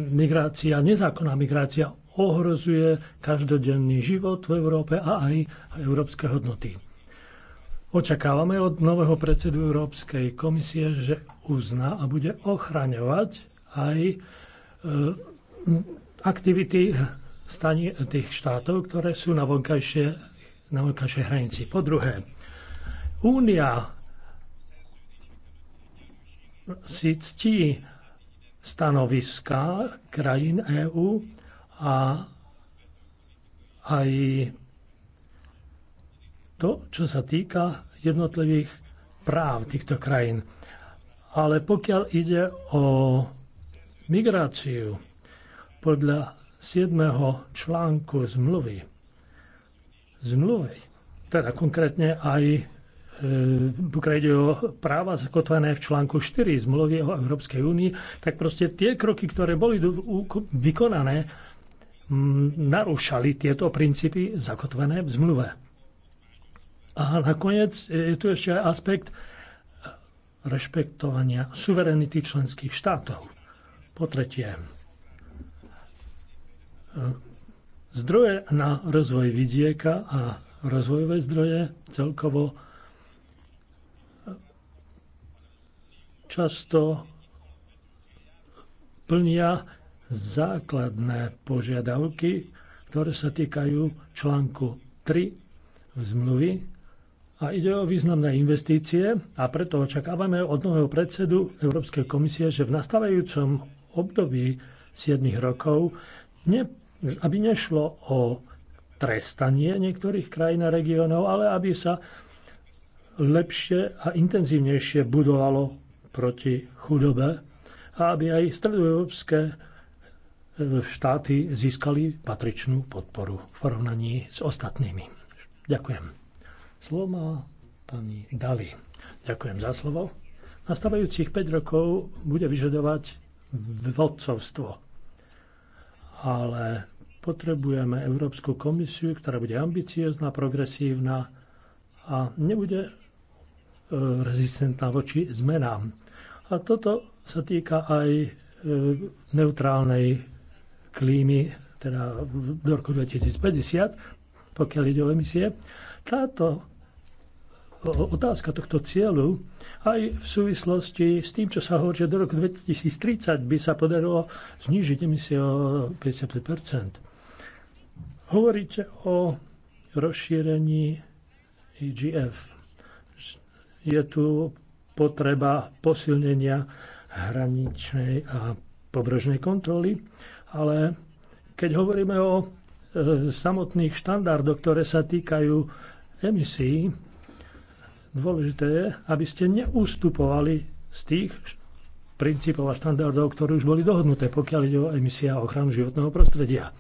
Speaker 3: migrácia, nezákonná migrácia ohrozuje každodenný život v Európe a aj európske hodnoty. Očakávame od nového predsedu Európskej komisie, že uzná a bude ochraňovať aj e, aktivity stani- tých štátov, ktoré sú na vonkajšej, na vonkajšie hranici. Po druhé, Únia si ctí stanoviska krajín EÚ a aj to, čo sa týka jednotlivých práv týchto krajín. Ale pokiaľ ide o migráciu podľa 7. článku zmluvy. Zmluvy, teda konkrétne aj e, pokiaľ ide o práva zakotvené v článku 4 zmluvy o Európskej únii, tak proste tie kroky, ktoré boli vykonané, narúšali tieto princípy zakotvené v zmluve. A nakoniec e, je tu ešte aj aspekt e, rešpektovania suverenity členských štátov. Po tretie, e, zdroje na rozvoj vidieka a rozvojové zdroje celkovo e, často plnia základné požiadavky, ktoré sa týkajú článku 3 v zmluvy a ide o významné investície a preto očakávame od nového predsedu Európskej komisie, že v nastávajúcom období 7 rokov, ne, aby nešlo o trestanie niektorých krajín a regiónov, ale aby sa lepšie a intenzívnejšie budovalo proti chudobe a aby aj stredoeurópske e, štáty získali patričnú podporu v porovnaní s ostatnými. Ďakujem. Slovo má pani Dali. Ďakujem za slovo. Nastávajúcich 5 rokov bude vyžadovať vodcovstvo. Ale potrebujeme Európsku komisiu, ktorá bude ambiciozná, progresívna a nebude e, rezistentná voči zmenám. A toto sa týka aj e, neutrálnej klímy, teda do roku 2050, pokiaľ ide o emisie. Táto otázka tohto cieľu aj v súvislosti s tým, čo sa hovorí, že do roku 2030 by sa podarilo znižiť emisie o 55 Hovoríte o rozšírení IGF. Je tu potreba posilnenia hraničnej a pobrežnej kontroly, ale keď hovoríme o e, samotných štandardoch, ktoré sa týkajú emisí, Dôležité je, aby ste neustupovali z tých princípov a štandardov, ktoré už boli dohodnuté, pokiaľ ide o emisia a ochranu životného prostredia.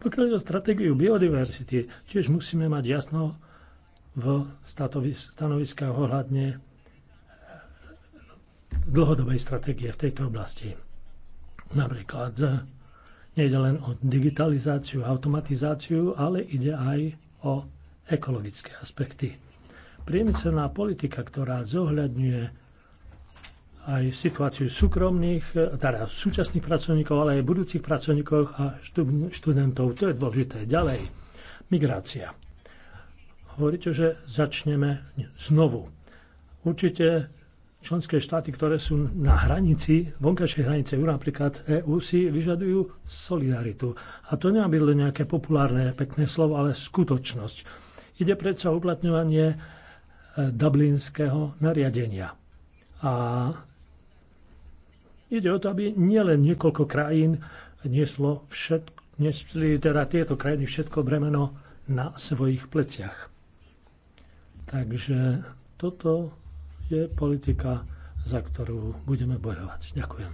Speaker 3: Pokiaľ ide o stratégiu biodiverzity, tiež musíme mať jasno v stanoviskách ohľadne dlhodobej stratégie v tejto oblasti. Napríklad eh, nejde len o digitalizáciu, automatizáciu, ale ide aj o ekologické aspekty. Priemyselná politika, ktorá zohľadňuje aj situáciu súkromných, teda súčasných pracovníkov, ale aj budúcich pracovníkov a študentov. To je dôležité. Ďalej, migrácia. Hovoríte, že začneme znovu. Určite členské štáty, ktoré sú na hranici, vonkajšej hranice EU, napríklad EU, si vyžadujú solidaritu. A to nemá byť len nejaké populárne, pekné slovo, ale skutočnosť. Ide predsa uplatňovanie dublinského nariadenia. A ide o to, aby nielen niekoľko krajín nieslo všetko, nesli teda tieto krajiny všetko bremeno na svojich pleciach. Takže toto je politika, za ktorú budeme bojovať. Ďakujem.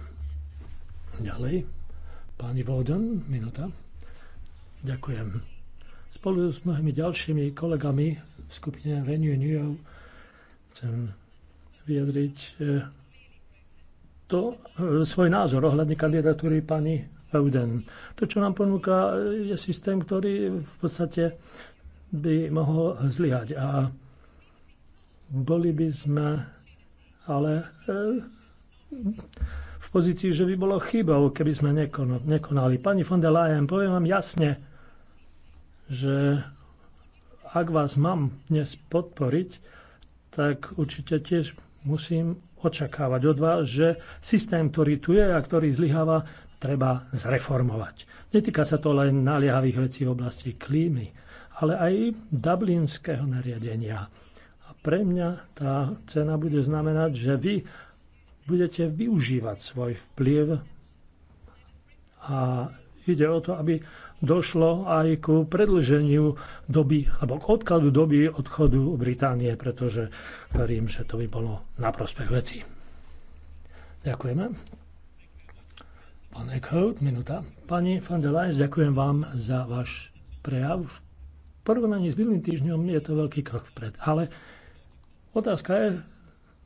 Speaker 3: Ďalej, pani Vodan, minúta. Ďakujem. Spolu s mnohými ďalšími kolegami v skupine Renew New Chcem vyjadriť e, to, e, svoj názor ohľadne kandidatúry pani Euden. To, čo nám ponúka, e, je systém, ktorý v podstate by mohol zlyhať. A boli by sme ale v pozícii, že by bolo chybou, keby sme nekonali. Pani von der Leyen, poviem vám jasne, že ak vás mám dnes podporiť, tak určite tiež musím očakávať od vás, že systém, ktorý tu je a ktorý zlyháva, treba zreformovať. Netýka sa to len naliehavých vecí v oblasti klímy, ale aj dublinského nariadenia. A pre mňa tá cena bude znamenať, že vy budete využívať svoj vplyv a ide o to, aby došlo aj ku predlženiu doby, alebo k odkladu doby odchodu Británie, pretože verím, že to by bolo na prospech veci. Ďakujeme. Pán Eckhout, minúta. Pani van der Leyen, ďakujem vám za váš prejav. V porovnaní s minulým týždňom je to veľký krok vpred. Ale otázka je,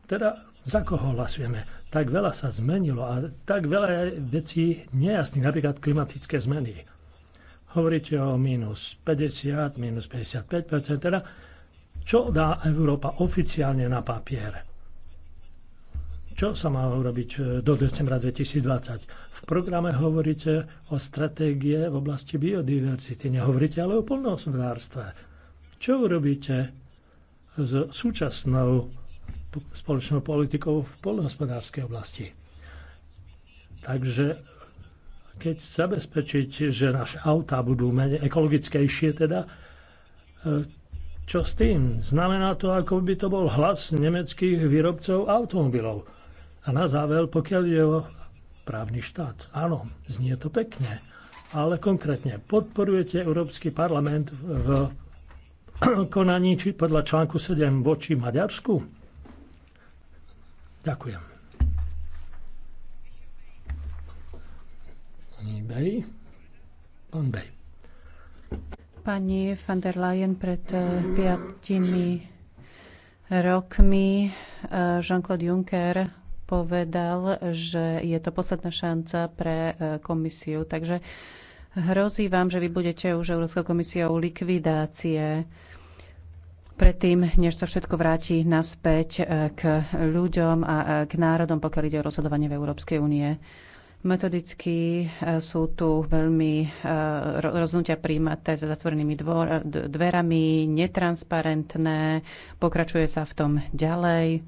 Speaker 3: teda za koho hlasujeme? tak veľa sa zmenilo a tak veľa vecí nejasných, napríklad klimatické zmeny. Hovoríte o minus 50, minus 55 teda čo dá Európa oficiálne na papier? Čo sa má urobiť e, do decembra 2020? V programe hovoríte o stratégie v oblasti biodiverzity, nehovoríte ale o polnohospodárstve. Čo urobíte s súčasnou spoločnou politikou v poľnohospodárskej oblasti. Takže keď zabezpečiť, že naše autá budú menej ekologickejšie, teda, e, čo s tým? Znamená to, ako by to bol hlas nemeckých výrobcov automobilov. A na záver, pokiaľ je o právny štát. Áno, znie to pekne, ale konkrétne podporujete Európsky parlament v konaní či podľa článku 7 voči Maďarsku? Ďakujem. Pani Bej. Pán Bej.
Speaker 2: Pani van der Leyen pred e, piatimi rokmi e, Jean-Claude Juncker povedal, že je to posledná šanca pre e, komisiu. Takže hrozí vám, že vy budete už Európskou komisiou likvidácie. Predtým, než sa všetko vráti naspäť e, k ľuďom a e, k národom, pokiaľ ide o rozhodovanie v Európskej únie, metodicky e, sú tu veľmi rozhodnutia príjmaté za zatvorenými dvor, dverami, netransparentné, pokračuje sa v tom ďalej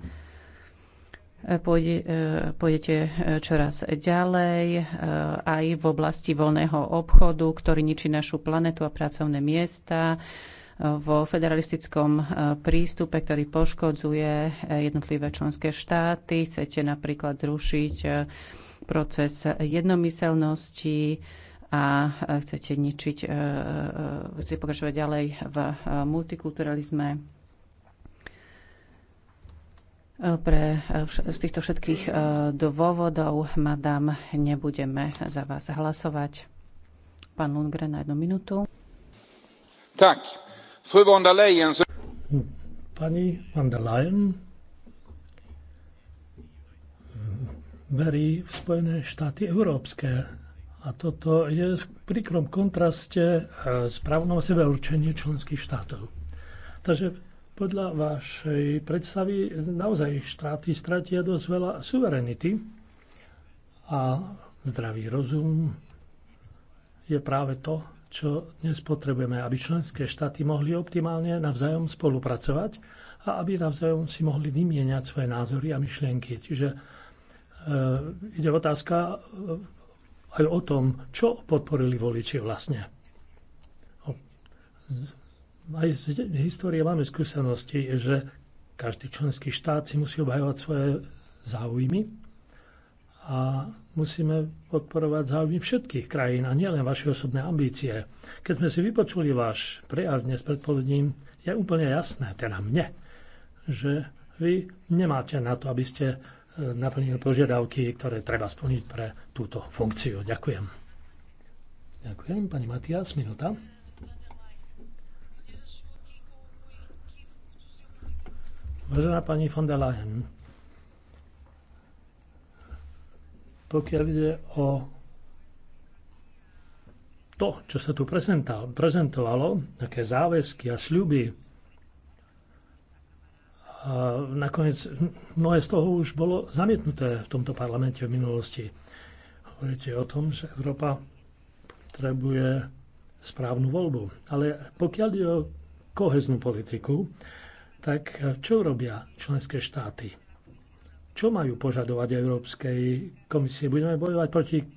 Speaker 2: pôjde, pôjdete čoraz ďalej aj v oblasti voľného obchodu, ktorý ničí našu planetu a pracovné miesta vo federalistickom e, prístupe, ktorý poškodzuje e, jednotlivé členské štáty. Chcete napríklad zrušiť e, proces jednomyselnosti a chcete ničiť, chcete pokračovať ďalej v multikulturalizme pre z týchto všetkých dôvodov, madam, nebudeme za vás hlasovať. Pán Lundgren na jednu minútu.
Speaker 3: Tak, Pani van der Leyen verí v Spojené štáty európske. A toto je v príkrom kontraste e, s právnom sebe určení členských štátov. Takže podľa vašej predstavy naozaj štáty stratia dosť veľa suverenity a zdravý rozum je práve to, čo dnes potrebujeme, aby členské štáty mohli optimálne navzájom spolupracovať a aby navzájom si mohli vymieňať svoje názory a myšlienky. Čiže e, ide otázka e, aj o tom, čo podporili voliči vlastne. Aj z histórie máme skúsenosti, že každý členský štát si musí obhajovať svoje záujmy a musíme podporovať záujmy všetkých krajín a nielen vaše osobné ambície. Keď sme si vypočuli váš prejav dnes predpoludním, je úplne jasné, teda mne, že vy nemáte na to, aby ste e, naplnili požiadavky, ktoré treba splniť pre túto funkciu. Ďakujem. Ďakujem. Pani Matias, minúta. Vážená pani von der Leyen, Pokiaľ ide o to, čo sa tu prezentovalo, také záväzky a sľuby, a nakoniec mnohé z toho už bolo zamietnuté v tomto parlamente v minulosti. Hovoríte o tom, že Európa potrebuje správnu voľbu. Ale pokiaľ ide o koheznú politiku, tak čo robia členské štáty? Čo majú požadovať Európskej komisie? Budeme bojovať proti e,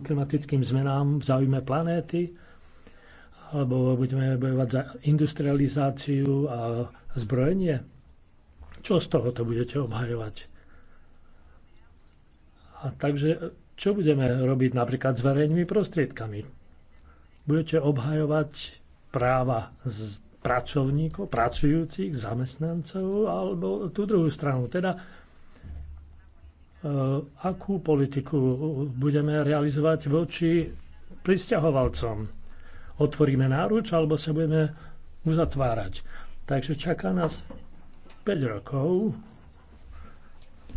Speaker 3: klimatickým zmenám v záujme planéty? Alebo budeme bojovať za industrializáciu a zbrojenie? Čo z toho to budete obhajovať? A takže čo budeme robiť napríklad s verejnými prostriedkami? Budete obhajovať práva z pracovníkov, pracujúcich, zamestnancov alebo tú druhú stranu, teda Eh, akú politiku budeme realizovať voči pristahovalcom. Otvoríme náruč alebo sa budeme uzatvárať. Takže čaká nás 5 rokov,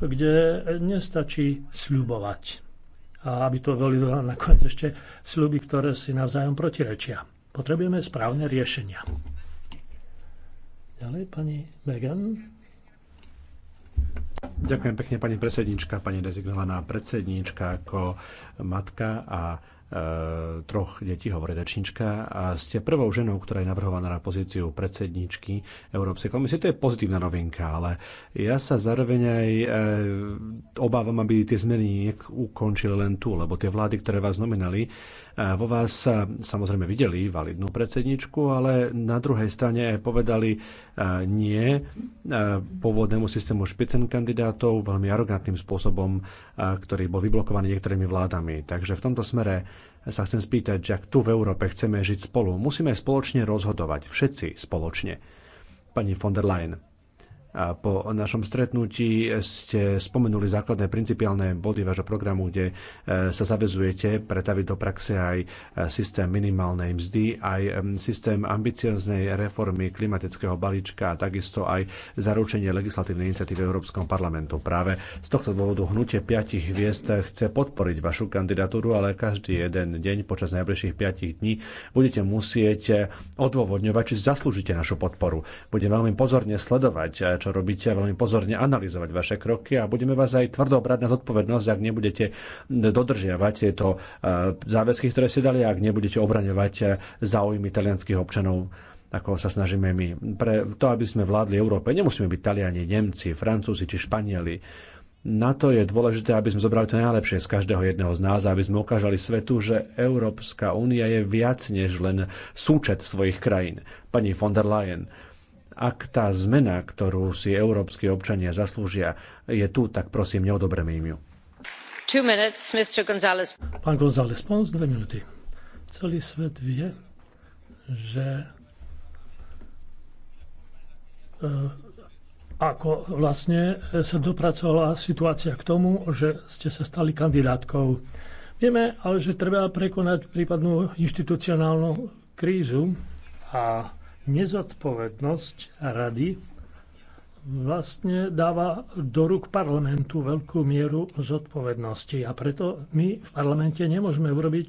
Speaker 3: kde nestačí sľubovať. A aby to boli nakoniec ešte sľuby, ktoré si navzájom protirečia. Potrebujeme správne riešenia. Ďalej pani Megan.
Speaker 1: Ďakujem pekne pani predsednička, pani dezignovaná predsednička ako matka a e, troch detí, hovorí rečnička, a ste prvou ženou, ktorá je navrhovaná na pozíciu predsedničky Európskej komisie. To je pozitívna novinka, ale ja sa zároveň aj e, obávam, aby tie zmeny ukončili len tu, lebo tie vlády, ktoré vás nominali, vo vás samozrejme videli validnú predsedničku, ale na druhej strane aj povedali e, nie e, pôvodnému systému špicen kandidátov veľmi arogantným spôsobom, e, ktorý bol vyblokovaný niektorými vládami. Takže v tomto smere sa chcem spýtať, že ak tu v Európe chceme žiť spolu, musíme spoločne rozhodovať, všetci spoločne. Pani von der Leyen, po našom stretnutí ste spomenuli základné principiálne body vášho programu, kde e, sa zavezujete pretaviť do praxe aj e, systém minimálnej mzdy, aj e, systém ambicioznej reformy klimatického balíčka a takisto aj zaručenie legislatívnej iniciatívy Európskom parlamentu. Práve z tohto dôvodu hnutie piatich hviezd chce podporiť vašu kandidatúru, ale každý jeden deň počas najbližších piatich dní budete musieť odôvodňovať, či zaslúžite našu podporu. Budem veľmi pozorne sledovať, čo čo robíte a veľmi pozorne analyzovať vaše kroky a budeme vás aj tvrdo brať na zodpovednosť, ak nebudete dodržiavať tieto e, záväzky, ktoré ste dali, ak nebudete obraňovať e, záujmy talianských občanov ako sa snažíme my. Pre to, aby sme vládli Európe, nemusíme byť Taliani, Nemci, Francúzi či Španieli. Na to je dôležité, aby sme zobrali to najlepšie z každého jedného z nás, aby sme ukážali svetu, že Európska únia je viac než len súčet svojich krajín. Pani von der Leyen, ak tá zmena, ktorú si európsky občania zaslúžia, je tu, tak prosím, neodobreme im ju.
Speaker 2: Minutes, González.
Speaker 3: Pán González, pán dve minúty. Celý svet vie, že e, ako vlastne sa dopracovala situácia k tomu, že ste sa stali kandidátkou. Vieme ale, že treba prekonať prípadnú inštitucionálnu krízu a nezodpovednosť rady vlastne dáva do rúk parlamentu veľkú mieru zodpovednosti. A preto my v parlamente nemôžeme urobiť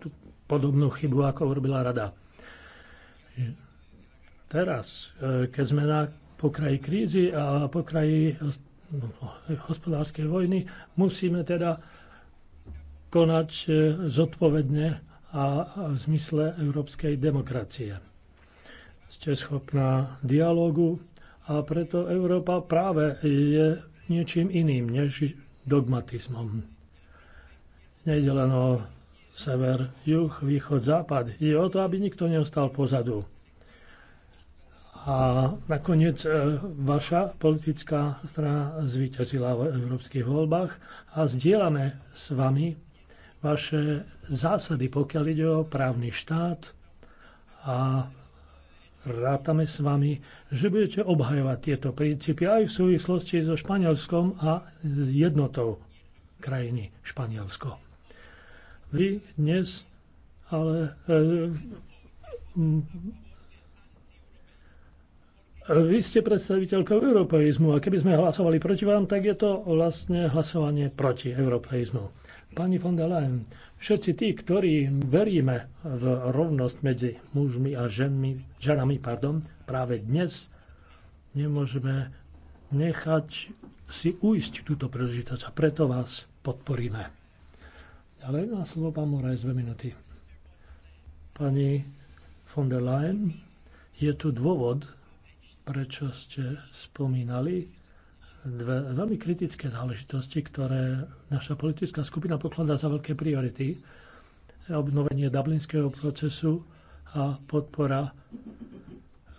Speaker 3: tú podobnú chybu, ako urobila rada. Teraz, e, keď sme na pokraji krízy a pokraji hospodárskej vojny, musíme teda konať e, zodpovedne a v zmysle európskej demokracie ste schopná dialogu a preto Európa práve je niečím iným než dogmatizmom. Nejde len o sever, juh, východ, západ. je o to, aby nikto neostal pozadu. A nakoniec e, vaša politická strana zvíťazila v európskych voľbách a zdieľame s vami vaše zásady, pokiaľ ide o právny štát a Rátame s vami, že budete obhajovať tieto princípy aj v súvislosti so Španielskom a s jednotou krajiny Španielsko. Vy dnes ale e, vy ste predstaviteľkou europeizmu a keby sme hlasovali proti vám, tak je to vlastne hlasovanie proti europeizmu. Pani von der Leyen, Všetci tí, ktorí veríme v rovnosť medzi mužmi a ženmi, ženami, pardon, práve dnes nemôžeme nechať si uísť túto príležitosť a preto vás podporíme. Ďalej má slovo pán Moraj dve minúty. Pani von der Leyen, je tu dôvod, prečo ste spomínali dve veľmi kritické záležitosti, ktoré naša politická skupina pokladá za veľké priority. Obnovenie dublinského procesu a podpora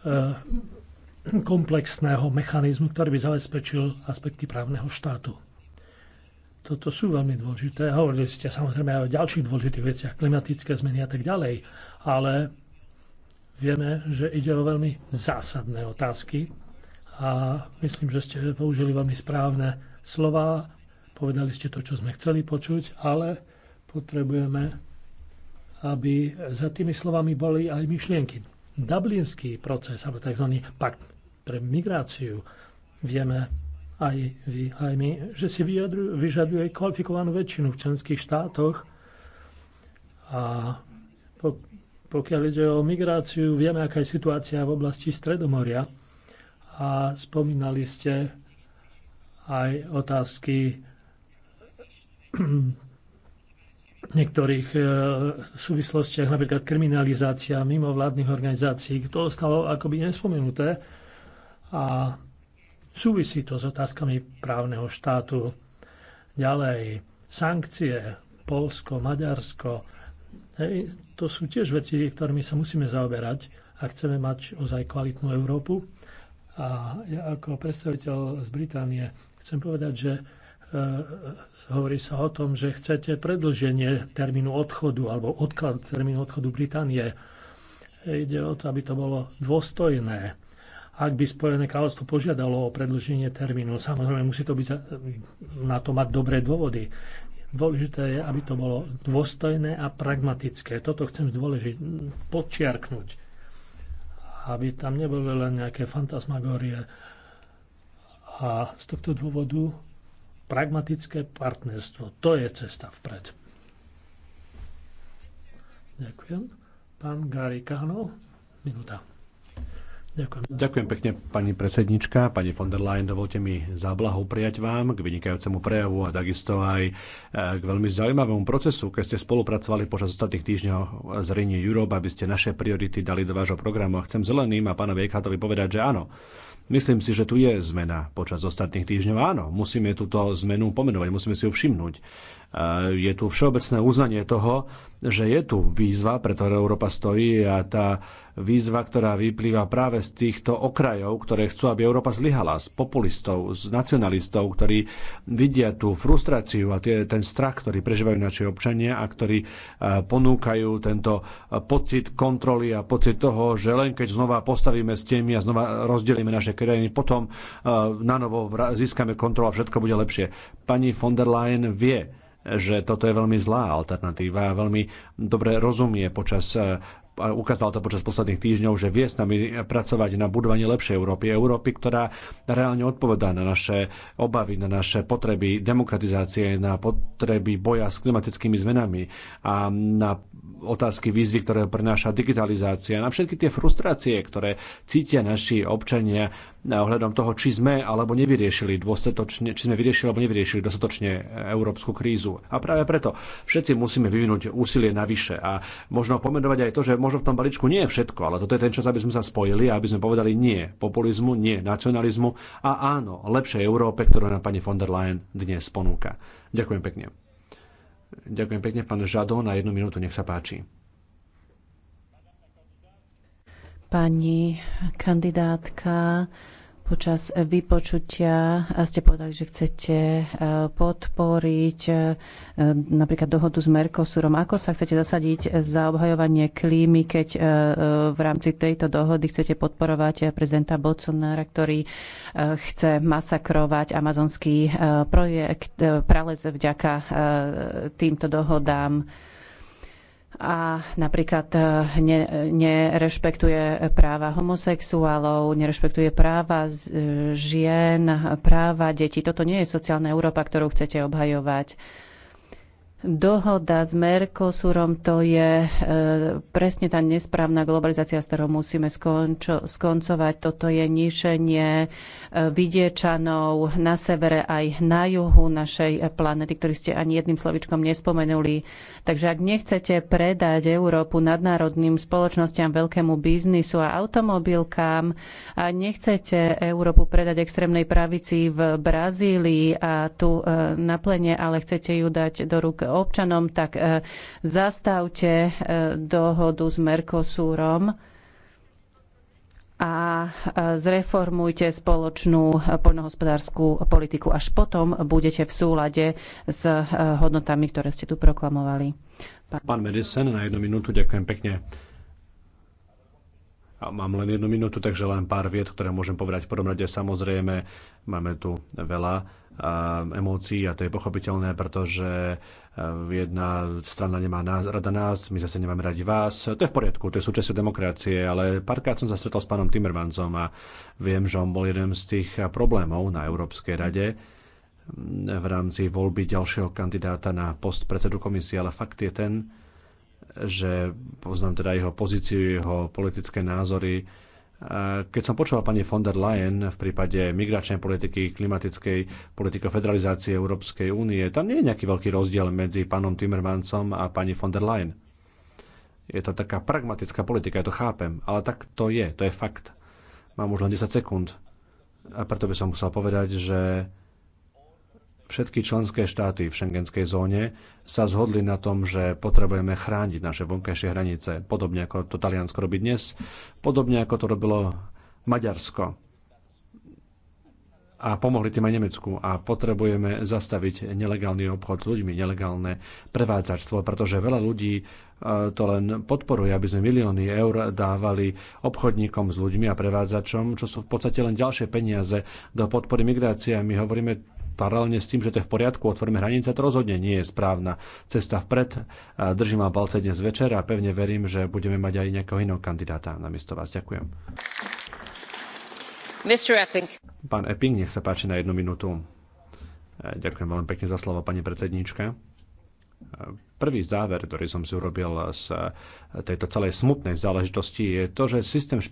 Speaker 3: eh, komplexného mechanizmu, ktorý by zabezpečil aspekty právneho štátu. Toto sú veľmi dôležité. Hovorili ste samozrejme aj o ďalších dôležitých veciach, klimatické zmeny a tak ďalej, ale vieme, že ide o veľmi zásadné otázky a myslím, že ste použili veľmi správne slova, povedali ste to, čo sme chceli počuť, ale potrebujeme, aby za tými slovami boli aj myšlienky. Dublinský proces, alebo tzv. pakt pre migráciu, vieme aj vy, aj my, že si vyjadru, vyžaduje kvalifikovanú väčšinu v členských štátoch a pokiaľ ide o migráciu, vieme, aká je situácia v oblasti Stredomoria a spomínali ste aj otázky niektorých e, v súvislostiach, napríklad kriminalizácia mimovládnych organizácií. To ostalo akoby nespomenuté a súvisí to s otázkami právneho štátu. Ďalej, sankcie, Polsko, Maďarsko, hej, to sú tiež veci, ktorými sa musíme zaoberať, ak chceme mať ozaj kvalitnú Európu. A ja ako predstaviteľ z Británie chcem povedať, že e, hovorí sa o tom, že chcete predlženie termínu odchodu alebo odklad termínu odchodu Británie. Ide o to, aby to bolo dôstojné. Ak by Spojené kráľovstvo požiadalo o predlženie termínu, samozrejme musí to byť na to mať dobré dôvody. Dôležité je, aby to bolo dôstojné a pragmatické. Toto chcem podčiarknúť aby tam neboli len nejaké fantasmagórie. A z tohto dôvodu pragmatické partnerstvo, to je cesta vpred. Ďakujem. Pán Gary Kano, minúta.
Speaker 1: Ďakujem. Ďakujem pekne, pani predsednička. Pani von der Leyen, dovolte mi zablahopriať vám k vynikajúcemu prejavu a takisto aj e, k veľmi zaujímavému procesu, keď ste spolupracovali počas ostatných týždňov z Rini Europe, aby ste naše priority dali do vášho programu. A chcem zeleným a pánovi Eichhatovi povedať, že áno, Myslím si, že tu je zmena počas ostatných týždňov. Áno, musíme túto zmenu pomenovať, musíme si ju všimnúť je tu všeobecné uznanie toho, že je tu výzva, pre ktorú Európa stojí a tá výzva, ktorá vyplýva práve z týchto okrajov, ktoré chcú, aby Európa zlyhala, z populistov, z nacionalistov, ktorí vidia tú frustráciu a tie, ten strach, ktorý prežívajú naši občania a ktorí e, ponúkajú tento pocit kontroly a pocit toho, že len keď znova postavíme steny a znova rozdelíme naše krajiny, potom e, na novo získame kontrolu a všetko bude lepšie. Pani von der Leyen vie, že toto je veľmi zlá alternatíva a veľmi dobre rozumie počas a ukázal to počas posledných týždňov, že vie s nami pracovať na budovanie lepšej Európy. Európy, ktorá reálne odpovedá na naše obavy, na naše potreby demokratizácie, na potreby boja s klimatickými zmenami a na otázky výzvy, ktoré prináša digitalizácia, na všetky tie frustrácie, ktoré cítia naši občania ohľadom toho, či sme alebo nevyriešili dostatočne, či sme vyriešili alebo nevyriešili dostatočne e, európsku krízu. A práve preto všetci musíme vyvinúť úsilie navyše a možno pomenovať aj to, že možno v tom balíčku nie je všetko, ale toto je ten čas, aby sme sa spojili a aby sme povedali nie populizmu, nie nacionalizmu a áno, lepšej Európe, ktorú nám pani von der Leyen dnes ponúka. Ďakujem pekne. Ďakujem pekne, pán Žado, na jednu minútu, nech sa páči.
Speaker 2: Pani kandidátka, počas vypočutia ste povedali, že chcete e, podporiť e, napríklad dohodu s Mercosurom. Ako sa chcete zasadiť za obhajovanie klímy, keď e, v rámci tejto dohody chcete podporovať prezidenta Bolsonára, ktorý chce masakrovať amazonský projekt prales vďaka týmto dohodám? a napríklad eh, ne, nerešpektuje práva homosexuálov, nerešpektuje práva eh, žien, práva detí. Toto nie je sociálna Európa, ktorú chcete obhajovať. Dohoda s Mercosurom to je e, presne tá nesprávna globalizácia, s ktorou musíme skončo, skoncovať. Toto je nišenie e, vidiečanov na severe aj na juhu našej planety, ktorý ste ani jedným slovičkom nespomenuli. Takže ak nechcete predať Európu nadnárodným spoločnosťam, veľkému biznisu a automobilkám a nechcete Európu predať extrémnej pravici v Brazílii a tu e, na plene, ale chcete ju dať do rúk občanom, tak e, zastavte e, dohodu s Mercosurom a e, zreformujte spoločnú poľnohospodárskú politiku. Až potom budete v súlade s hodnotami, ktoré ste tu proklamovali.
Speaker 1: Pán, Pán Medicen, na jednu minútu ďakujem pekne. Mám len jednu minútu, takže len pár viet, ktoré môžem povedať. V prvom rade samozrejme máme tu veľa emócií a to je pochopiteľné, pretože jedna strana nemá nás, rada nás, my zase nemáme radi vás. To je v poriadku, to je súčasťou demokracie, ale párkrát som sa stretol s pánom Timmermansom a viem, že on bol jeden z tých problémov na Európskej rade v rámci voľby ďalšieho kandidáta na post predsedu komisie, ale fakt je ten, že poznám teda jeho pozíciu, jeho politické názory. E, keď som počúval pani von der Leyen v prípade migračnej politiky, klimatickej politiky federalizácie Európskej únie, tam nie je nejaký veľký rozdiel medzi pánom Timmermansom a pani von der Leyen. Je to taká pragmatická politika, ja to chápem, ale tak to je, to je fakt. Mám už len 10 sekúnd a preto by som musel povedať, že Všetky členské štáty v šengenskej zóne sa zhodli na tom, že potrebujeme chrániť naše vonkajšie hranice, podobne ako to Taliansko robí dnes, podobne ako to robilo Maďarsko. A pomohli tým aj Nemecku. A potrebujeme zastaviť nelegálny obchod s ľuďmi, nelegálne prevádzačstvo, pretože veľa ľudí e, to len podporuje, aby sme milióny eur dávali obchodníkom s ľuďmi a prevádzačom, čo sú v podstate len ďalšie peniaze do podpory migrácie. My hovoríme paralelne s tým, že to je v poriadku, otvoríme hranice, to rozhodne nie je správna cesta vpred. Držím vám palce dnes večer a pevne verím, že budeme mať aj nejakého iného kandidáta na miesto vás. Ďakujem.
Speaker 2: Mr. Epping.
Speaker 1: Pán Epping, nech sa páči na jednu minútu. E, ďakujem veľmi pekne za slovo, pani predsednička. E, prvý záver, ktorý som si urobil z e, tejto celej smutnej záležitosti, je to, že systém